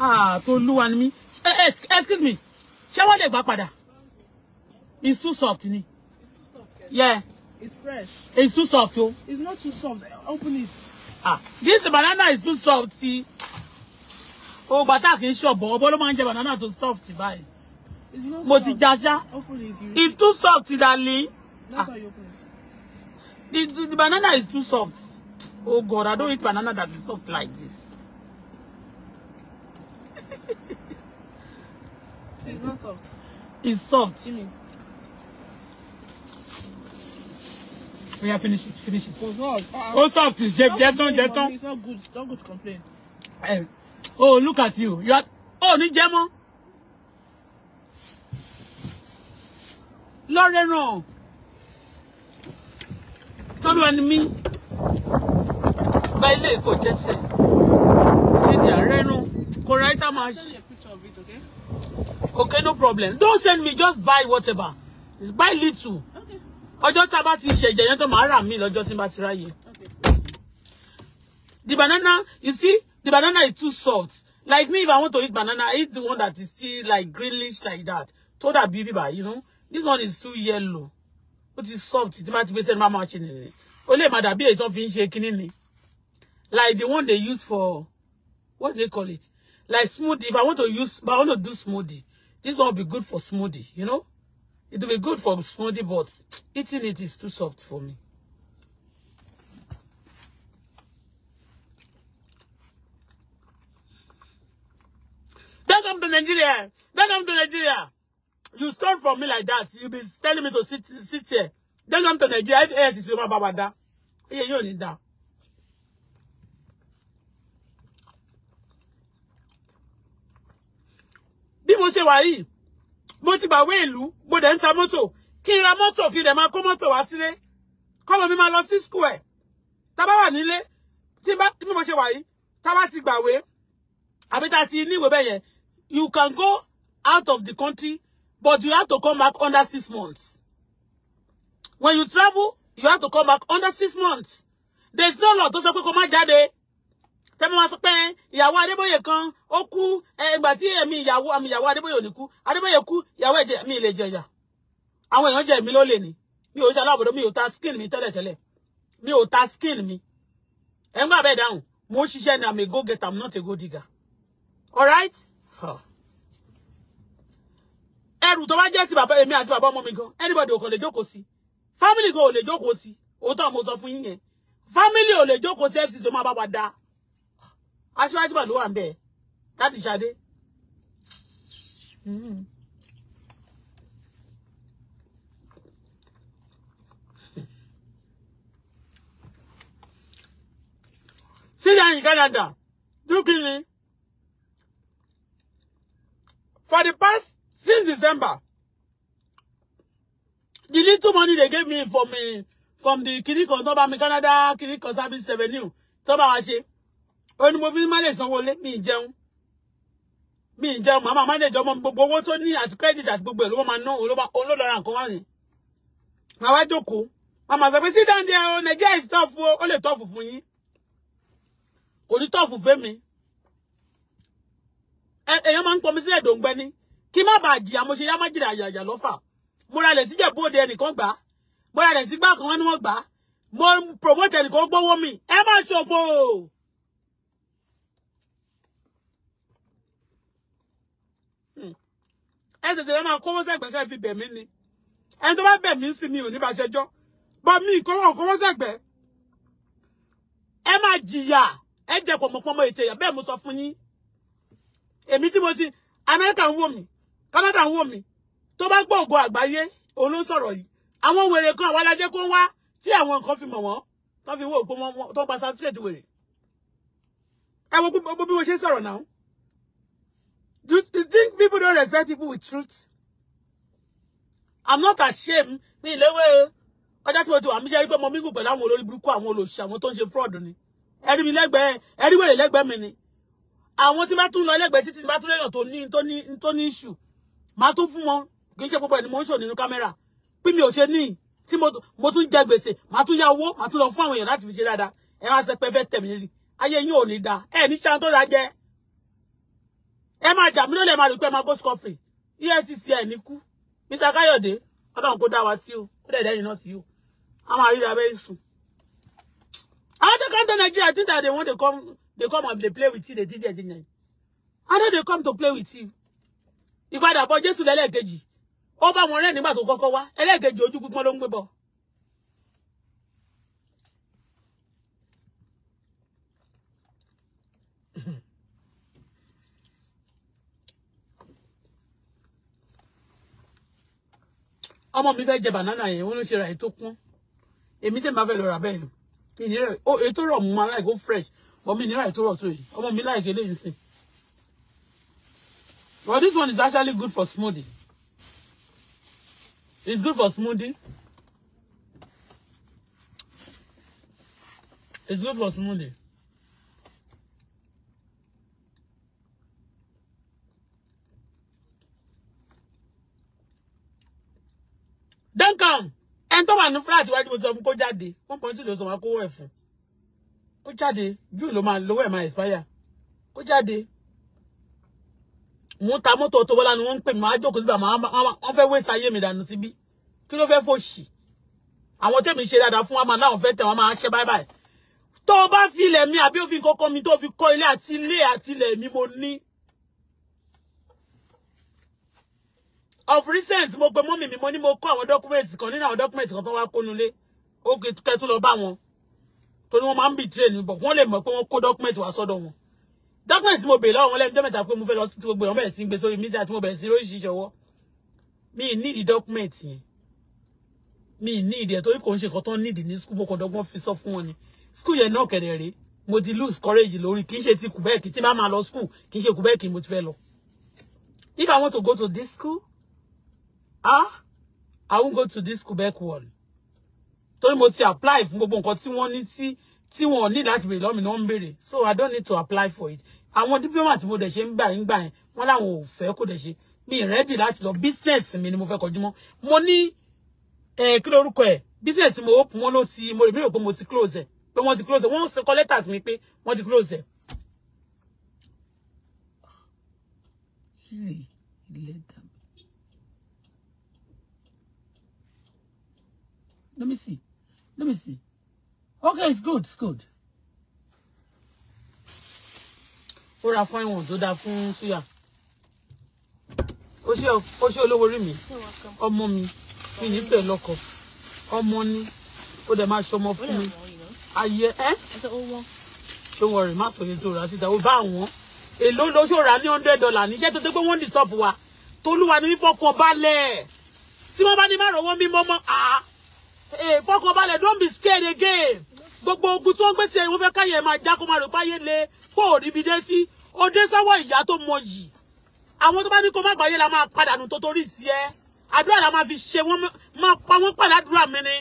Ah, Tolúwa ni mí excuse me ṣé wọ́n lè gbà padà it's too soft ni yeah. It's fresh. It's too soft, too. Oh. It's not too soft. Open it. Ah, this banana is too softy. Oh, but I can shop. But I don't banana too soft. Bye. It's not soft. but soft. Jaja. Open it. You it's too soft, darling. That's ah. how you open it. The, the, the banana is too soft. Oh, God. I don't eat banana that is soft like this. So it's not soft. It's soft. Mm -hmm. We oh, have finished it, finish it. No, oh, soft, Jeff, Jeff, don't, Jeff, don't. It's not good, Don't not good to complain. Um, oh, look at you. You are, oh, ní jẹ mọ́. Lọ́rẹ́ ràn. Tọ́lú ẹni mi. Gba ilé ìfò jẹ́sẹ̀. Ṣé ti àárẹ̀ nù? a picture of it, okay? Okay, no problem. Don't send me, just buy whatever. Just buy little ọjọ́ tá a bá ti ṣẹ̀jẹ̀ yẹn tó máa rà mí lọ́jọ́ tí n bá ti ráyè. The banana, you see, the banana is too soft. Like me, if I want to eat banana, I eat the one that is still like greenish like that. Tó dà bí bíbà, you know. This one is too yellow. Ó ti soft. Tí n bá ti gbé sẹ́nu máa máa ṣe nìyẹn. Ó lè má dàbí èyí tó fi ń ṣe kínní ni. Like the one they use for, what they call it? Like smoothie. If I want to use, if I want to do smoothie, this one will be good for smoothie, you know. It will be good for smoothie, but eating it is too soft for me. Welcome to Nigeria. Welcome to Nigeria. You stole from me like that. You be telling me to sit sit here. Welcome to Nigeria. Yes, it's your baba da. Yeah, you need that. Bí mo ṣe wà yìí mo ti gbàwé ìlú mo dẹ̀ ń ta mọ́tò ra mọ́tò kí n dẹ̀ máa kó mọ́tò wá sílé kọ́mọ mi máa lọ sí skul ẹ̀ tá bá wà nílé tí bí mo ṣe wà yìí tá bá ti gbàwé àbí tá ti níwèé bẹ́ẹ̀ you can go out of the country but you have to come back under six months when you travel you have to come back under six months there is no law tó sọ pé kó má jáde tẹ́mọ́ máa sọ pé ìyàwó adébóyè kan ó kú ẹgbà tí èmi ìyàwó àmì ìyàwó adébóyè ò ní kú adébóyè kú ìyàwó ẹ̀jẹ̀ mi lè jẹyà àwọn èèyàn jẹ mi ló lè ní mi ò ṣe aláàbòdó mi ò ta skin mi tẹ́lẹ̀tẹ́lẹ̀ mi ò ta skin mi ẹ̀ ń gbà bẹ́ẹ̀ dáhùn mo ṣiṣẹ́ ni àmì go get am not a go digger alright ẹrù tó bá jẹ́ ti bàbá èmi àti bàbá ọmọ mi gan anybody ò kàn lè jókòó sí family gan ò lè jókòó sí òótọ́ mo sọ fún yín family ò lè jókòó sí fc tó máa bá wa dáa aṣíwájú bá ló wà ń bẹ láti ṣadé. Mm-hmm. sílẹ̀ in Canada dúkìlì for the past since December the little money they gave me for me from the kiri kan tó bá mi Canada kiri kan service revenue tó bá wa ṣe ó ní mo fi má lè sanwó lé mi jẹun mi jẹun màmá manager ọmọ gbogbo owó tó ní àti credit àti gbogbo ẹ̀ ló máa ná olólọ́ra nǹkan wá ní màá wá jókòó màmá sọ pé sit down there o Nàìjíríà is tough o ó lè tough fún yín kò ní tough fẹ́mi èèyàn máa ń pọnmi sílẹ̀ dòǹgbẹ́ ni kí má bàa jìyà mo ṣe yá má jìyà àyàyà lọ́fà mo ra lẹ̀ síjẹ̀ bóde ẹnìkan gbà mo ra lẹ̀ sígbà kan wọn ni wọ́n gbà mo promote ẹnìkan gbówó mi ẹ má ṣòfò. ẹ tètè ẹ máa kówó sẹ́gbẹ̀ẹ́ kẹ́ fi bẹ̀ mí ni ẹni tó bá bẹ̀ mí sí mi ò ní bá ṣe jọ́ bọ́ mi ìkówó kówó sẹ́gbẹ̀ẹ́ ẹ máa jìyà ẹ jẹ pọ̀mọpọ̀mọ ètè yà bẹ́ẹ̀ mo sọ fún yín èmi tí mo ti Amẹ́ríkà ń wò mí Canada ń wò mí tó bá gbọ́ ògo àgbáyé òun ló ń sọ̀rọ̀ yìí àwọn wèrè kan àwọn alájẹ́ kó wá tí àwọn nǹkan fi mọ̀ wọ́n tó fi wó òpó wọn tó gba sáfíẹ̀tì wèrè ẹ wo bí mo ṣe ń sọ̀rọ̀ náà Do you think people don't respect people with truth? I'm not ashamed. Me lewe I just want to wà mí ṣe rí pé mo mingu pẹ̀lú àwọn olórí burúkú àwọn olòṣì àwọn tó ń ṣe fraud ni ẹ̀rí mi lẹ́gbẹ̀ẹ́ ẹ̀rí wèrè lẹ́gbẹ̀ẹ́ mi ni àwọn tí bá tún lọ lẹ́gbẹ̀ẹ́ títí bá tún lẹ́yìn tó ní tó ní tó issue máa tún fún wọn kì í ṣe gbogbo ẹ̀ ni mo ń ṣò nínú kámẹ́rà pí mi ò ṣe ní tí mo tún jẹ gbèsè máa tún yá owó máa tún lọ fún àwọn èèyàn láti fi ṣe dáadáa ẹ wá sẹ pé fẹ́ tẹ̀mí rí ayé da ẹ ẹ máa jà mí ló lè máa rí pé ẹ go score free efcc ẹ ní kú mr káyọ̀dé ọlọ́run kó dá wa sí o ó dẹ̀ dẹ́yìn náà sí o a máa ríra bẹ́ẹ̀ sùn. àwọn tó kàn tẹ think that they want to come They come and they play with you They did ẹ̀jẹ̀ yẹn i no they come to play with you. ìpadàbọ̀ jésù lẹ́lẹ́kejì ó bá wọn rẹ́ nígbà tó kọ́kọ́ wá ẹlẹ́kejì ojú pípọ́n ló ń gbé bọ̀. ọmọ mi fẹ́ jẹ banana yẹn wọ́n ló ṣe ra èyí tó kún èmi tẹ̀ máa fẹ́ lọ rà bẹ́ẹ̀ ni ìnira ètò rọ̀ mo máa láì fresh but mi ìnira ètò rọ̀ tó yìí ọmọ mi láì kéde ìsìn but this one is actually good for smoothie it's good for smoothie it's good for smoothie. duncan ẹni tó wà ní fúláàtì wájú mo ti sọ fún kó jáde one point two ló sọ wọn wife. Go ẹ You kó jáde june ló máa lówó ẹ máa expire kó jáde mo ta mọ́tò tó bọ́lá ni my ń pè mí máa jókòó síbà wọ́n fẹ́ wéṣà ayé mi dànù síbí kí ló fẹ́ fòṣì àwọn tẹ́mi ṣe dáadáa fún wa máa láwọn fẹ́ tẹ̀ wọ́n máa ṣe báibáì tó o bá fi ilẹ̀ mi àbí òfin kọ́kọ́ mi tó fi kọ́ ilé àti ilé àti ilẹ̀ mi mo ní of recent mo pe mọ́mì mi mo ní mo kó àwọn dọ́kúmẹ̀ntì kan nínú àwọn dọ́kúmẹ̀ntì kan tó wá kó nulẹ̀ ó kẹ́ tó lọ bá wọn torí wọ́n máa ń bì tírè ní bọ̀ wọ́n lè mọ̀ pé wọ́n kó dọ́kúmẹ̀ntì wá sọ́dọ̀ wọn documents mo bèèrè lọ́wọ́ wọn lẹ́nu dọ́mẹ̀ta pé mo fẹ́ lọ sí ti gbogbo ẹ̀ wọ́n bẹ̀rẹ̀ sí gbé sórí mídíà tí mo bẹ̀rẹ̀ sí lóríṣiríṣi ọwọ́ mi ì nídìí dọ́kúmẹ̀ntì yẹn mi ì nídìí ẹ̀ torí kò ń ṣe nǹkan tó ń nídìí mo kàn dọ́gbọ́n fi sọ fún wọn ni skul yẹn náà kẹ̀dẹ̀ rèé mo ti lose courage lórí kì í ṣe ti Quebec tí bá máa lọ skul kì í ṣe Quebec mo ti fẹ́ lọ if I want to go to this school ah i won't go to this Quebec one torí mo ti apply fún gbogbo nǹkan tí wọ́n ní tí tí wọ́n ní láti béèrè lọ́mìnà ń béèrè so i don't need to apply for it àwọn diplomat mo dẹ̀ ṣe ń gbà ń gbà yẹn wọ́n láwọn ò fẹ́ kó dẹ̀ mi ready láti lọ business mi ni mo fẹ́ kọjú mọ́ mo ní eh, kí lórúkọ ẹ̀ business mo open wọn ló ti mo rè mí rò mo ti close ẹ̀ pé wọ́n ti close ẹ̀ wọ́n kọ letters mi pé wọ́n ti close ẹ̀. kí ni Let me see. Let me see. Okay, it's good. It's good. Ó ra fine one tó dáa fún suya. Ó ṣe ó ṣe olówó orí mi. Ọmọ mi. Mi ní pẹ̀ lọ́kọ. Ọmọ ni. Ó dẹ̀ máa ṣọmọ fún mi. Ayé ẹ́. Ṣé wọ́n you do that. ètò ìrà old Ó bá àwọn. Èló ló ṣòra ní hundred dollar níṣẹ́ tó tó pé wọ́n dì tọ́pù wa. Tolúwa ni wífọ́ kan balẹ̀. Tí wọ́n bá ní má rọ̀ wọ́n mímọ́ mọ́ ah ìfọkànbalẹ̀ eh, don't be scared again gbogbo ogun tó ń gbé tiẹ̀ wọ́n fẹ́ káyẹ̀ máa já kó máa rò páyé le kó ò ríbi dé sí ó dé sáwọ́ ìyá tó mọ yìí àwọn tó bá ní kó má gbàyè la máa padà nù tó torí tiẹ̀ àdúrà la máa fi ṣe wọ́n máa pa wọ́n pàdé àdúrà mi ni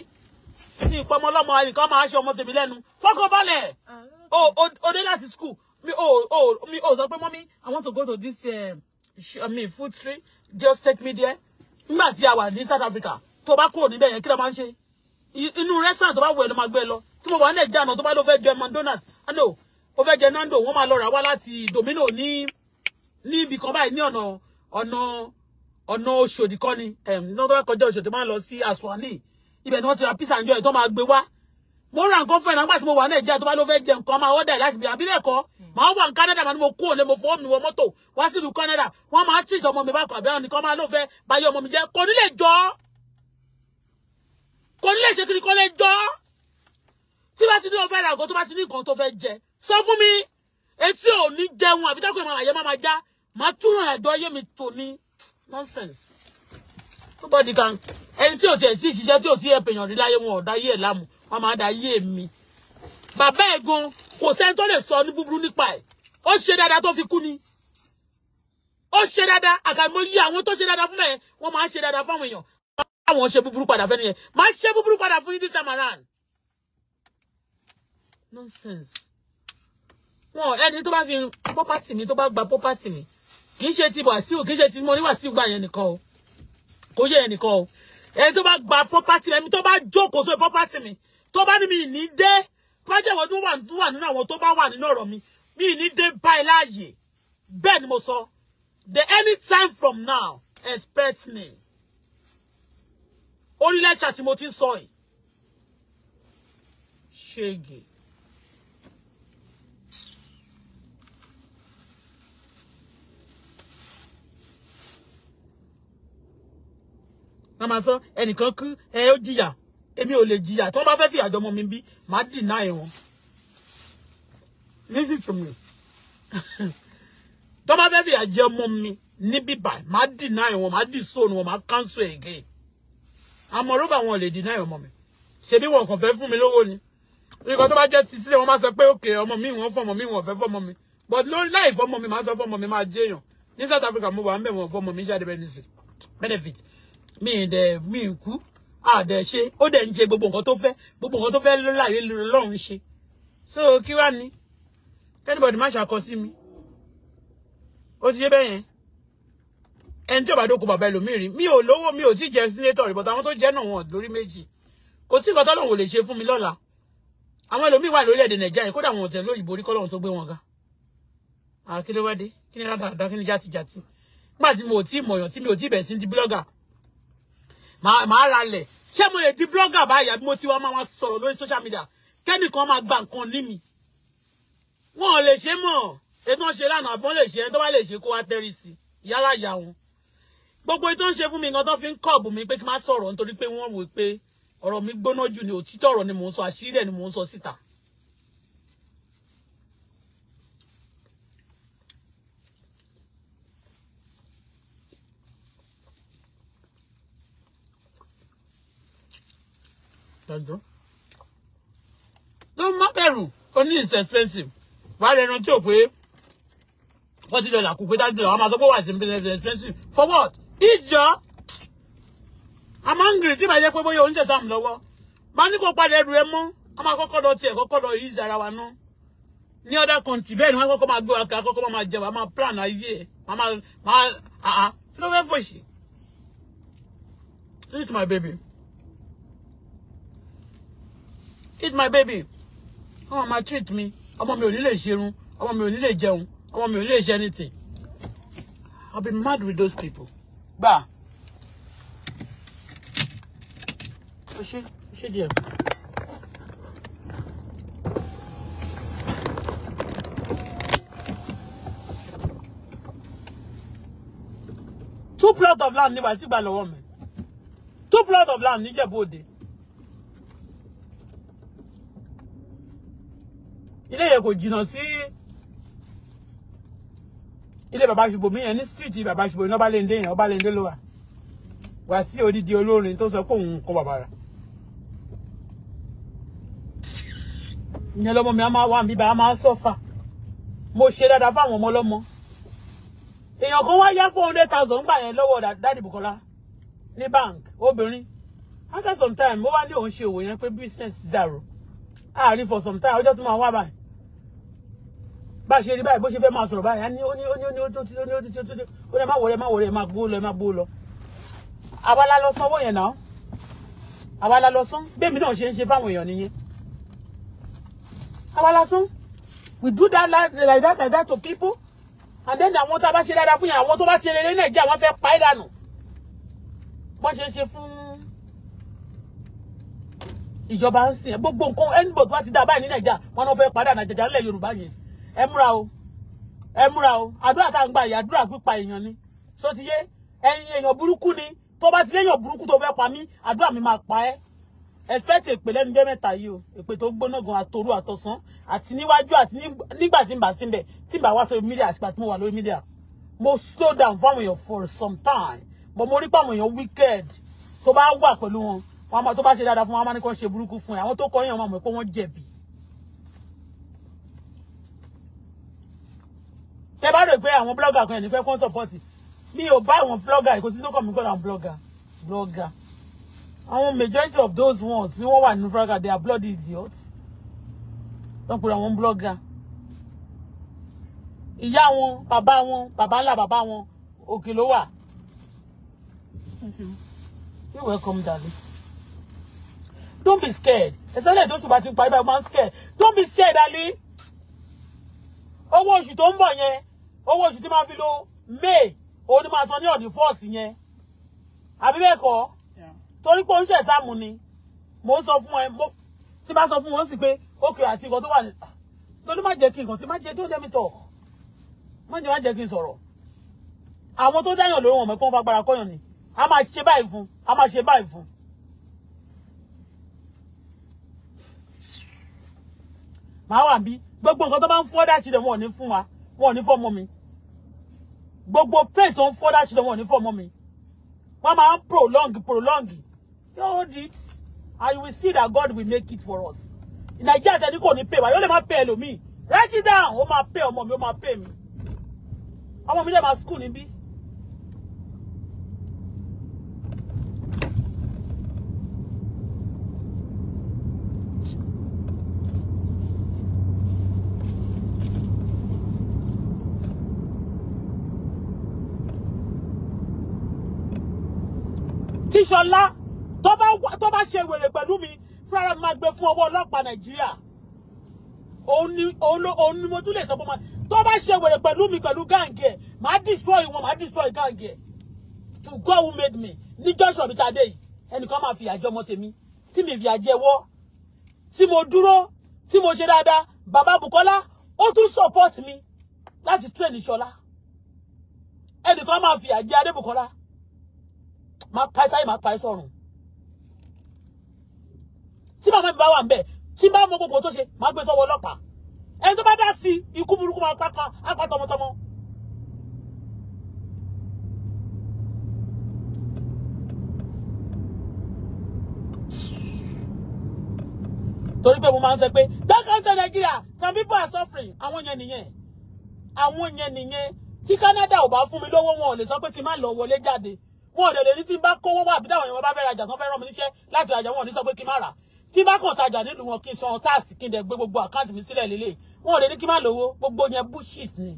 ní ìpamọ ọlọmọ nìkan máa ṣe ọmọ tèmi lẹ́nu fọkànbalẹ̀ ó dé láti school mi ò ò mi ò sọ pé mọ́mí I want to go to this uh, eh, mi food tree just take me there nígbà tí a wà ní South Africa tó bá kúrò níbẹ̀ yẹn kí ló máa ń ṣe inú restaurant tó bá wọ ẹnu máa gbé lọ tí mo wà nílẹ̀ jàna tó bá lọ fẹ́ jẹ McDonald's ano ah, ó fẹ́ jẹ Nando wọ́n máa lọ rà wá láti Domino ní ní ibì kan báyìí ní ọ̀nà ọ̀nà ọ̀nà Òṣòdì kan ni iná tó bá kọjá Òṣòdì máa lọ sí Aswani ibẹ̀ ni wọ́n ti ra pizza njọ́ ẹ̀ tó máa gbé wá mo ra nǹkan fún ẹ̀ nígbà tí mo wà ní Nàìjíríà tó bá ló fẹ́ jẹ nǹkan máa order láti bí abílẹ̀ kọ́ máa hmm. wà ní Canada màá ní mo kú òní mo fọwọ́ mi wọ mọ́tò wá sílùú Canada wọ́n máa tìjọ ọmọ mi bá kọ̀ àbí àwọn nìkan máa ló fẹ́ báyọ̀ ọmọ mi jẹ́ kò ní lè jọ́ kò ní lè ṣe kiri kò lè jọ tí bá ti ní o fẹ́ ra nǹkan tó bá ti ní nǹkan tó fẹ́ jẹ sọ fún mi etí ò ní jẹun àbí tákùn ìmọ̀ àyẹ̀ máa já máa túrò àjọ ayé mi tò ní nonsense nobody can ẹni tí ò tiẹ̀ sí ìṣiṣẹ́ tí ò tí ẹ̀ pèèyàn rí láyé wọn ọ̀dá yé ẹ̀ lámù wọn máa da yé mi bàbá ẹ̀ gan kò sẹ́ni tó lè sọ ní búburú nípa ẹ̀ ó ṣe dáadáa tó fi kú ni ó ṣe dáadáa àkàìmọye àwọn tó ṣe dáadáa fún ẹ wọn máa ń ṣe dáadáa fáwọn èèyàn àwọn ṣe búburú padà fẹ́ nìyẹn máa ṣe búburú padà fún yín this time around nonsense wọn ẹni tó bá fi pọ́pátì mi tó bá gba pọ́pátì mi kì í ṣe ti wàsíù kì í ṣe ti mo ní wàsíù gbà yẹn nìkan o kò yẹ yẹn nìkan o ẹni tó bá gba pọ́pátì mi tó bá jókòó sórí pọ́pátì mi tó bá ní mi ní dé pàjẹ́wọ́ tó wà nínú àwọn tó bá wà nínú ọ̀rọ̀ mi mi ní dé báyìí láàyè bẹ́ẹ̀ ni mo sọ the anytime from now expect me orí lẹ́tṣà tí mo ti ń sọ yìí ṣége. wọ́n máa sọ ẹnìkan kú ẹ ó jìyà èmi ò lè jìyà tí wọ́n bá fẹ́ fi àjọmọ́ mi bí màá dìnnà ẹ̀ wọ́n listen to me tí fẹ́ fi àjẹmọ́ mi níbí báyìí màá dìnnà ẹ̀ wọ́n màá dì sóònù wọ́n màá cancel again àmọ́ rọ́bà wọn lè deny ọmọ mi ṣebí wọn kàn fẹ́ fún mi lówó ni nǹkan tó bá jẹ́ ti sílẹ̀ wọ́n máa sọ pé òkè ọmọ mi wọ́n fọmọ mi wọ́n fẹ́ fọmọ mi but lórí láì fọmọ mi máa sọ fọmọ mi máa jẹ́ èèyàn ní South Africa mo wà ń bẹ̀ wọ́n fọmọ mi ṣáà dẹ̀ benefit mi dẹ̀ mi kú àdẹ̀ ṣe ó dẹ̀ ń ṣe gbogbo nǹkan tó fẹ́ gbogbo nǹkan tó fẹ́ láyé lọ́run ṣe so kí wá ni anybody má ṣàkọ sí mi ó ti yé bẹ́yẹn ẹni tí ò bá dóko bàbá ẹlòmíì rí mi ò lówó mi ò tí jẹ sínétọ̀ rí bọ̀tà àwọn tó jẹ́ náà wọn lórí méjì kò sí nǹkan tọ́lọ́run ò lè ṣe fún mi lọ́la àwọn ẹlòmíì wà lórílẹ̀‐èdè nàìjíríà yìí kódà wọn ò lóyìnbó rí kọ́lọ́run tó gbé wọn ga kí wá dé kí ni rádàrádà kí ni jàtijàti nígbà tí mo ò tí ì tí mi ò tí bẹ̀ sí di blọ́gà màá ra lẹ̀ ṣé mo lè di blọ́gà báyìí àbí mo ti wá máa sọ̀rọ̀ lórí social media kẹ́nìkan máa gba nǹkan ní mi wọn ò lè ṣe mọ̀ ètò ń ṣe lánàá àbọ̀n lè ṣe ẹni tó bá lè ṣe kó wá tẹ́rì sí yálà ìyá wọn gbogbo tó ń ṣe fún mi nǹkan tó fi ń kọ́ọ̀bù mi pé kí n má sọ̀rọ̀ nítorí pé wọ́n wò pé ọ̀rọ̀ mi gbóná jù ni òtítọ́ ọ̀rọ̀ ni mò ń sọ àṣírí ẹ̀ ni mò ń sọ síta. tọ́jú. ló má bẹ̀rù ó ní it's expensive wàá rẹ ẹran tí ò pé wọ́n ti lọ làkú pé dájú lọ wọ́n máa sọ expensive for what? ìjọ I'm angry tí bàjẹ́ pé bóyá oúnjẹ sáà lọ́wọ́ máa ní kó padà ẹrù ẹ mọ́ a máa kọ́kọ́ lọ tiẹ̀ kọ́kọ́ lọ yí ìzara wa náà ní other country bẹ́ẹ̀ ni wọ́n kọ́kọ́ máa gbé wa ká kọ́kọ́ máa jẹ wa máa plan ayé ẹ̀ máa máa àá kí ló fẹ́ fòṣì eat my baby eat my baby ọmọ máa treat me? ọmọ mi ò ní lè ṣerun ọmọ mi ò ní lè jẹun ọmọ mi ò ní lè ṣe anything I'll be mad with those people gbà ó ṣe ó ṣe díẹ̀. two plot of land ni wàá sì gbà lọ́wọ́ mi two plot of land ni òde. bode. Ile kò jìnnà sí. Si ilé bàbá ṣubòmí yẹn ní street bàbá ṣubòmí náà Ọbalende yẹn Ọbalende ló wà wá sí odidi olórin tó sọ pé òun kọ bàbá rà ìyẹn lọmọ mi a máa wà bíbá a máa sọfà mo ṣe dáadáa fáwọn ọmọ ọlọmọ èèyàn kan wá yá four hundred thousand gbà yẹn lọ́wọ́ dáàdì Bukola. ní bank obìnrin after some time mo wá ní òun ṣe òwò yẹn pé business dàrú àárín for some time ọjọ́ tí mo wá báyìí bá ṣe rí báyìí bó ṣe fẹ́ máa sọ̀rọ̀ báyìí á ní ó ní ó ní ó ní ó tó ti ó ní ó ti tó ti ó ní ẹ má wọlé ẹ má wọlé ẹ má gbó lọ ẹ má gbó lọ. àwa la lọ sanwó yẹn náà àwa la lọ sán bẹ́ẹ̀mi náà ṣe ń ṣe fáwọn èèyàn nìyẹn àwa la sán we do that like that like that to people and then àwọn tá a bá ṣe dáadáa fún yẹn àwọn tó bá ṣe rere nàìjíríà wọn fẹ́ pa é dànù wọ́n ṣe ń ṣe fún ìjọba ń sìn gbogbo nǹkan ẹnìbọ̀ tó bá ti dá báyìí ní nàìjíríà wọn náà fẹ́ padà nàìjíríà ńlẹ̀ yorùbá yẹn ẹ múra o ẹ múra o àdúrà tá à ń gbà yìí pípa èèyàn ni so ti yé ẹ̀yin èèyàn burúkú ni tó bá ti léèyàn burúkú tó fẹ́ pa mí àdúrà mi máa pa ẹ́ expect èpè lẹ́nu jẹ́ mẹ́ta yìí o èpè tó gbóná gan àtòru àtọ̀sán àti níwájú àti nígbà tí n bá ti tí n bá wá sórí mídíà àti ìgbà wà lórí mídíà mo slow down fáwọn èèyàn for some time but mo rí pàwọn èèyàn wicked tó bá wà pẹ̀lú wọn wọn tó bá ṣe dáadáa fún wọn wọn máa ní kó ṣe burúkú fún ẹ àwọn tó kọ yẹn wọn mọ̀ pé wọ́n jẹ̀bi tẹ bá rò pé àwọn blogger kan ẹni fẹ́ kó support mi ò bá àwọn blogger kò sí tó come mí pẹ̀lú blogger blogger àwọn majority of those ones tí wọ́n wà nínú blogger they are bloody idiots wọ́n pèrè àwọn blogger Iya wọn bàbá wọn bàbá ńlá bàbá wọn òkè ló wà. you welcome darling. don't be scared ẹsẹ̀lẹ̀ tó ti bá ti parí bá máa ń scared don't be scared darling. owó oṣù tó ń bọ̀ owó oṣù tí máa fi lo may òun ni máa san ní ọ̀dí fọ́ọ̀sì yẹn àbí bẹ́ẹ̀ kọ́ torí pé ó ń ṣe ẹ̀sáàmù ni mò ń sọ fún ẹ tí bá sọ fún wọn sì pé ókè àti nǹkan tó wà ní lórí má jẹ́ kí nǹkan tí má jẹ́ tó jẹ́ mi tọ̀ má jẹ́ má jẹ́ kí n sọ̀rọ̀ àwọn tó dáyàn lórí wọn mọ̀ fagbára kọ́yàn ni a máa ṣe báyìí fún a máa ṣe báyìí fún. màá wà bí gbogbo nǹkan tó bá ń fún ọ́dà chidẹ̀ wọn ò ní fún wa wọn ò ní fọ́ ọmọ mi gbogbo fẹ́ǹsì tó ń fọ́ dáṣì lọ́wọ́ ní fọ́ mọ́ mi wọ́n máa ń prolong prolong you hold it I will see that God will make it for us In Nàìjíríà tẹni kò ní pay Why you never má pay me? write it down ó máa pay ọmọ mi pay me. pay mi ọmọ mi lè máa school níbí Olúṣọlá tó bá ṣe wèrè pẹ̀lú mi fúnra mi máa gbé fún ọwọ́ ọlọ́pàá Nàìjíríà òun ni mo tún lè sọ pé tó bá ṣe wèrè pẹ̀lú mi pẹ̀lú gáǹgì ẹ̀ destroy wọn máa destroy gáǹgì ẹ̀ to God who made me ní jọ́sọ̀ mi tá a dé yìí ẹnìkan máa fi àjọ ọmọ tèmi tí mi fi àjẹ wọ́ tí mo dúró tí mo ṣe dáadáa bàbá Bukola ó tún support mi láti train Ṣọlá ẹnìkan máa fi àjẹ Adébùkọ́lá máa pa ẹ́ sáyé máa pa ẹ́ sọ̀rùn tí màmá mi bá wà ń bẹ̀ tí bá mọ gbogbo tó ṣe máa gbé e sọ́wọ́ ọlọ́pàá ẹni tó bá dá sí ikú burúkú máa pápá apá tọmọtọmọ. torí mo máa ń sọ that country Nigeria some people are suffering àwọn yẹn nìyẹn àwọn yẹn nìyẹn tí Canada ò bá fún mi lówó wọn ò lè sọ pé kí n má lọ wọlé wọn ò dẹ̀ lè ní tí bá kówó wà bí táwọn èèyàn bá fẹ́ rajà tán fẹ́ rán mi níṣẹ́ láti rajà wọn ò ní sọ pé kí n má rà tí bá kàn tajà nílùú wọn kí n san táàsì kí n dẹ̀ gbé gbogbo àkáǹtì mi sílẹ̀ lélẹ̀ wọn ò lè ní kí n má lówó gbogbo yẹn bullshit ni.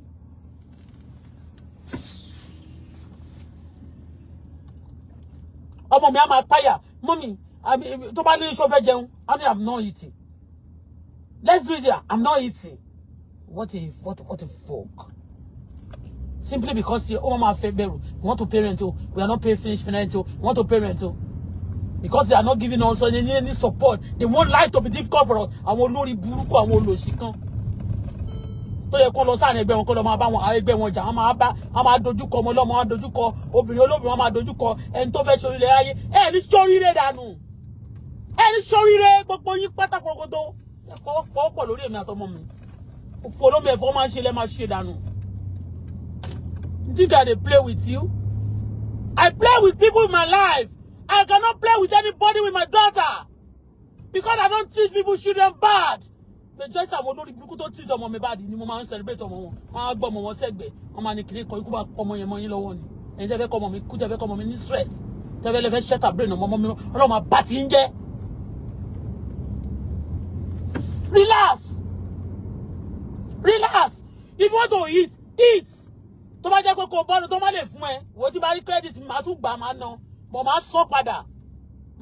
ọmọ mi á máa táyà mọ́mì tó bá ní iṣẹ́ fẹ́ jẹun á ní i'm not eating let's do it there i'm not eating what a what, what a fork simply because you oh my beru you want to parent rent oh we are not paying finish rent oh you want to parent rent oh because they are not giving us any, any support they want life to be difficult for us àwọn olórí burúkú àwọn olòṣì kan tó yẹ kó lọ sáàrin ẹgbẹ́ wọn kó lọ máa bá wọn ẹgbẹ́ wọn jà wọn máa lo. wọn máa dojúkọ ọmọ ọlọ́mọ wọn dojúkọ obìnrin olóbìnrin wọn máa dojúkọ ẹni le fẹ́ ṣoríire ayé ẹ ní ṣoríire dànù ẹ ní ṣoríire gbogbo yín pátákó kótó ẹ kọ́ pọ̀ lórí èmi àtọmọ mi òfò Follow me. máa ń ṣe lẹ́ máa ṣe dànù. You think I play with you? I play with people in my life. I cannot play with anybody with my daughter. Because I don't treat people children bad. The judge àwọn olórí burúkú tó treat ọmọ mi bad ni mo máa celebrate ọmọ wọn. Wọ́n á gbọ́ ọmọ wọn sẹ́gbẹ̀ẹ́. Wọ́n máa ní kiri kan ikú bá ọmọ yẹn mọ́ yín lọ́wọ́ ni. Ẹni tẹ́ fẹ́ kọ́ ọmọ stress. Tẹ́ fẹ́ lè fẹ́ ṣẹ́ta brain ọmọ mi ọlọ́mọ my ti ń jẹ́. Relax. Relax. If you want to eat, eat tó bá jẹ́ pé kò bọ́ọ̀lù tó má lè fún ẹ wò tí bá rí credit màá tún gbà máa ná mọ̀ máa sọ padà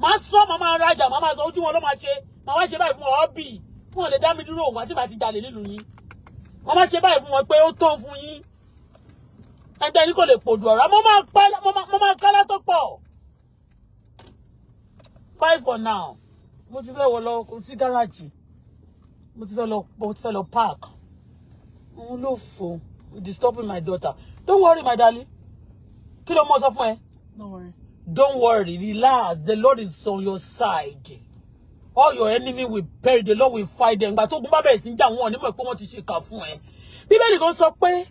máa sọ máa máa rajà máa máa sọ ojú wọn ló máa ṣe máa wá ṣe báyìí fún ọ bì fún ọ lè dá mi dúró òun àti bàtí jalè nílùú yín wọ́n máa ṣe báyìí fún wọn pé ó tán fún yín ẹgbẹ́ yín kò lè pòdù ọ̀rọ̀ mo máa kálá tó pọ̀ bye for now mo ti fẹ́ wọ lọ sí gáràjì mo ti fẹ́ lọ park òun ló fò disturbing my daughter don't worry my darling kí ló mọ sọ don't worry. don't worry relax the lord is on your side all your enemies will perish. the lord will fight them But tó ogun bá bẹ̀rẹ̀ sí ń jà wọn ò ní mọ̀ pé wọ́n ti ṣe kà fún ẹ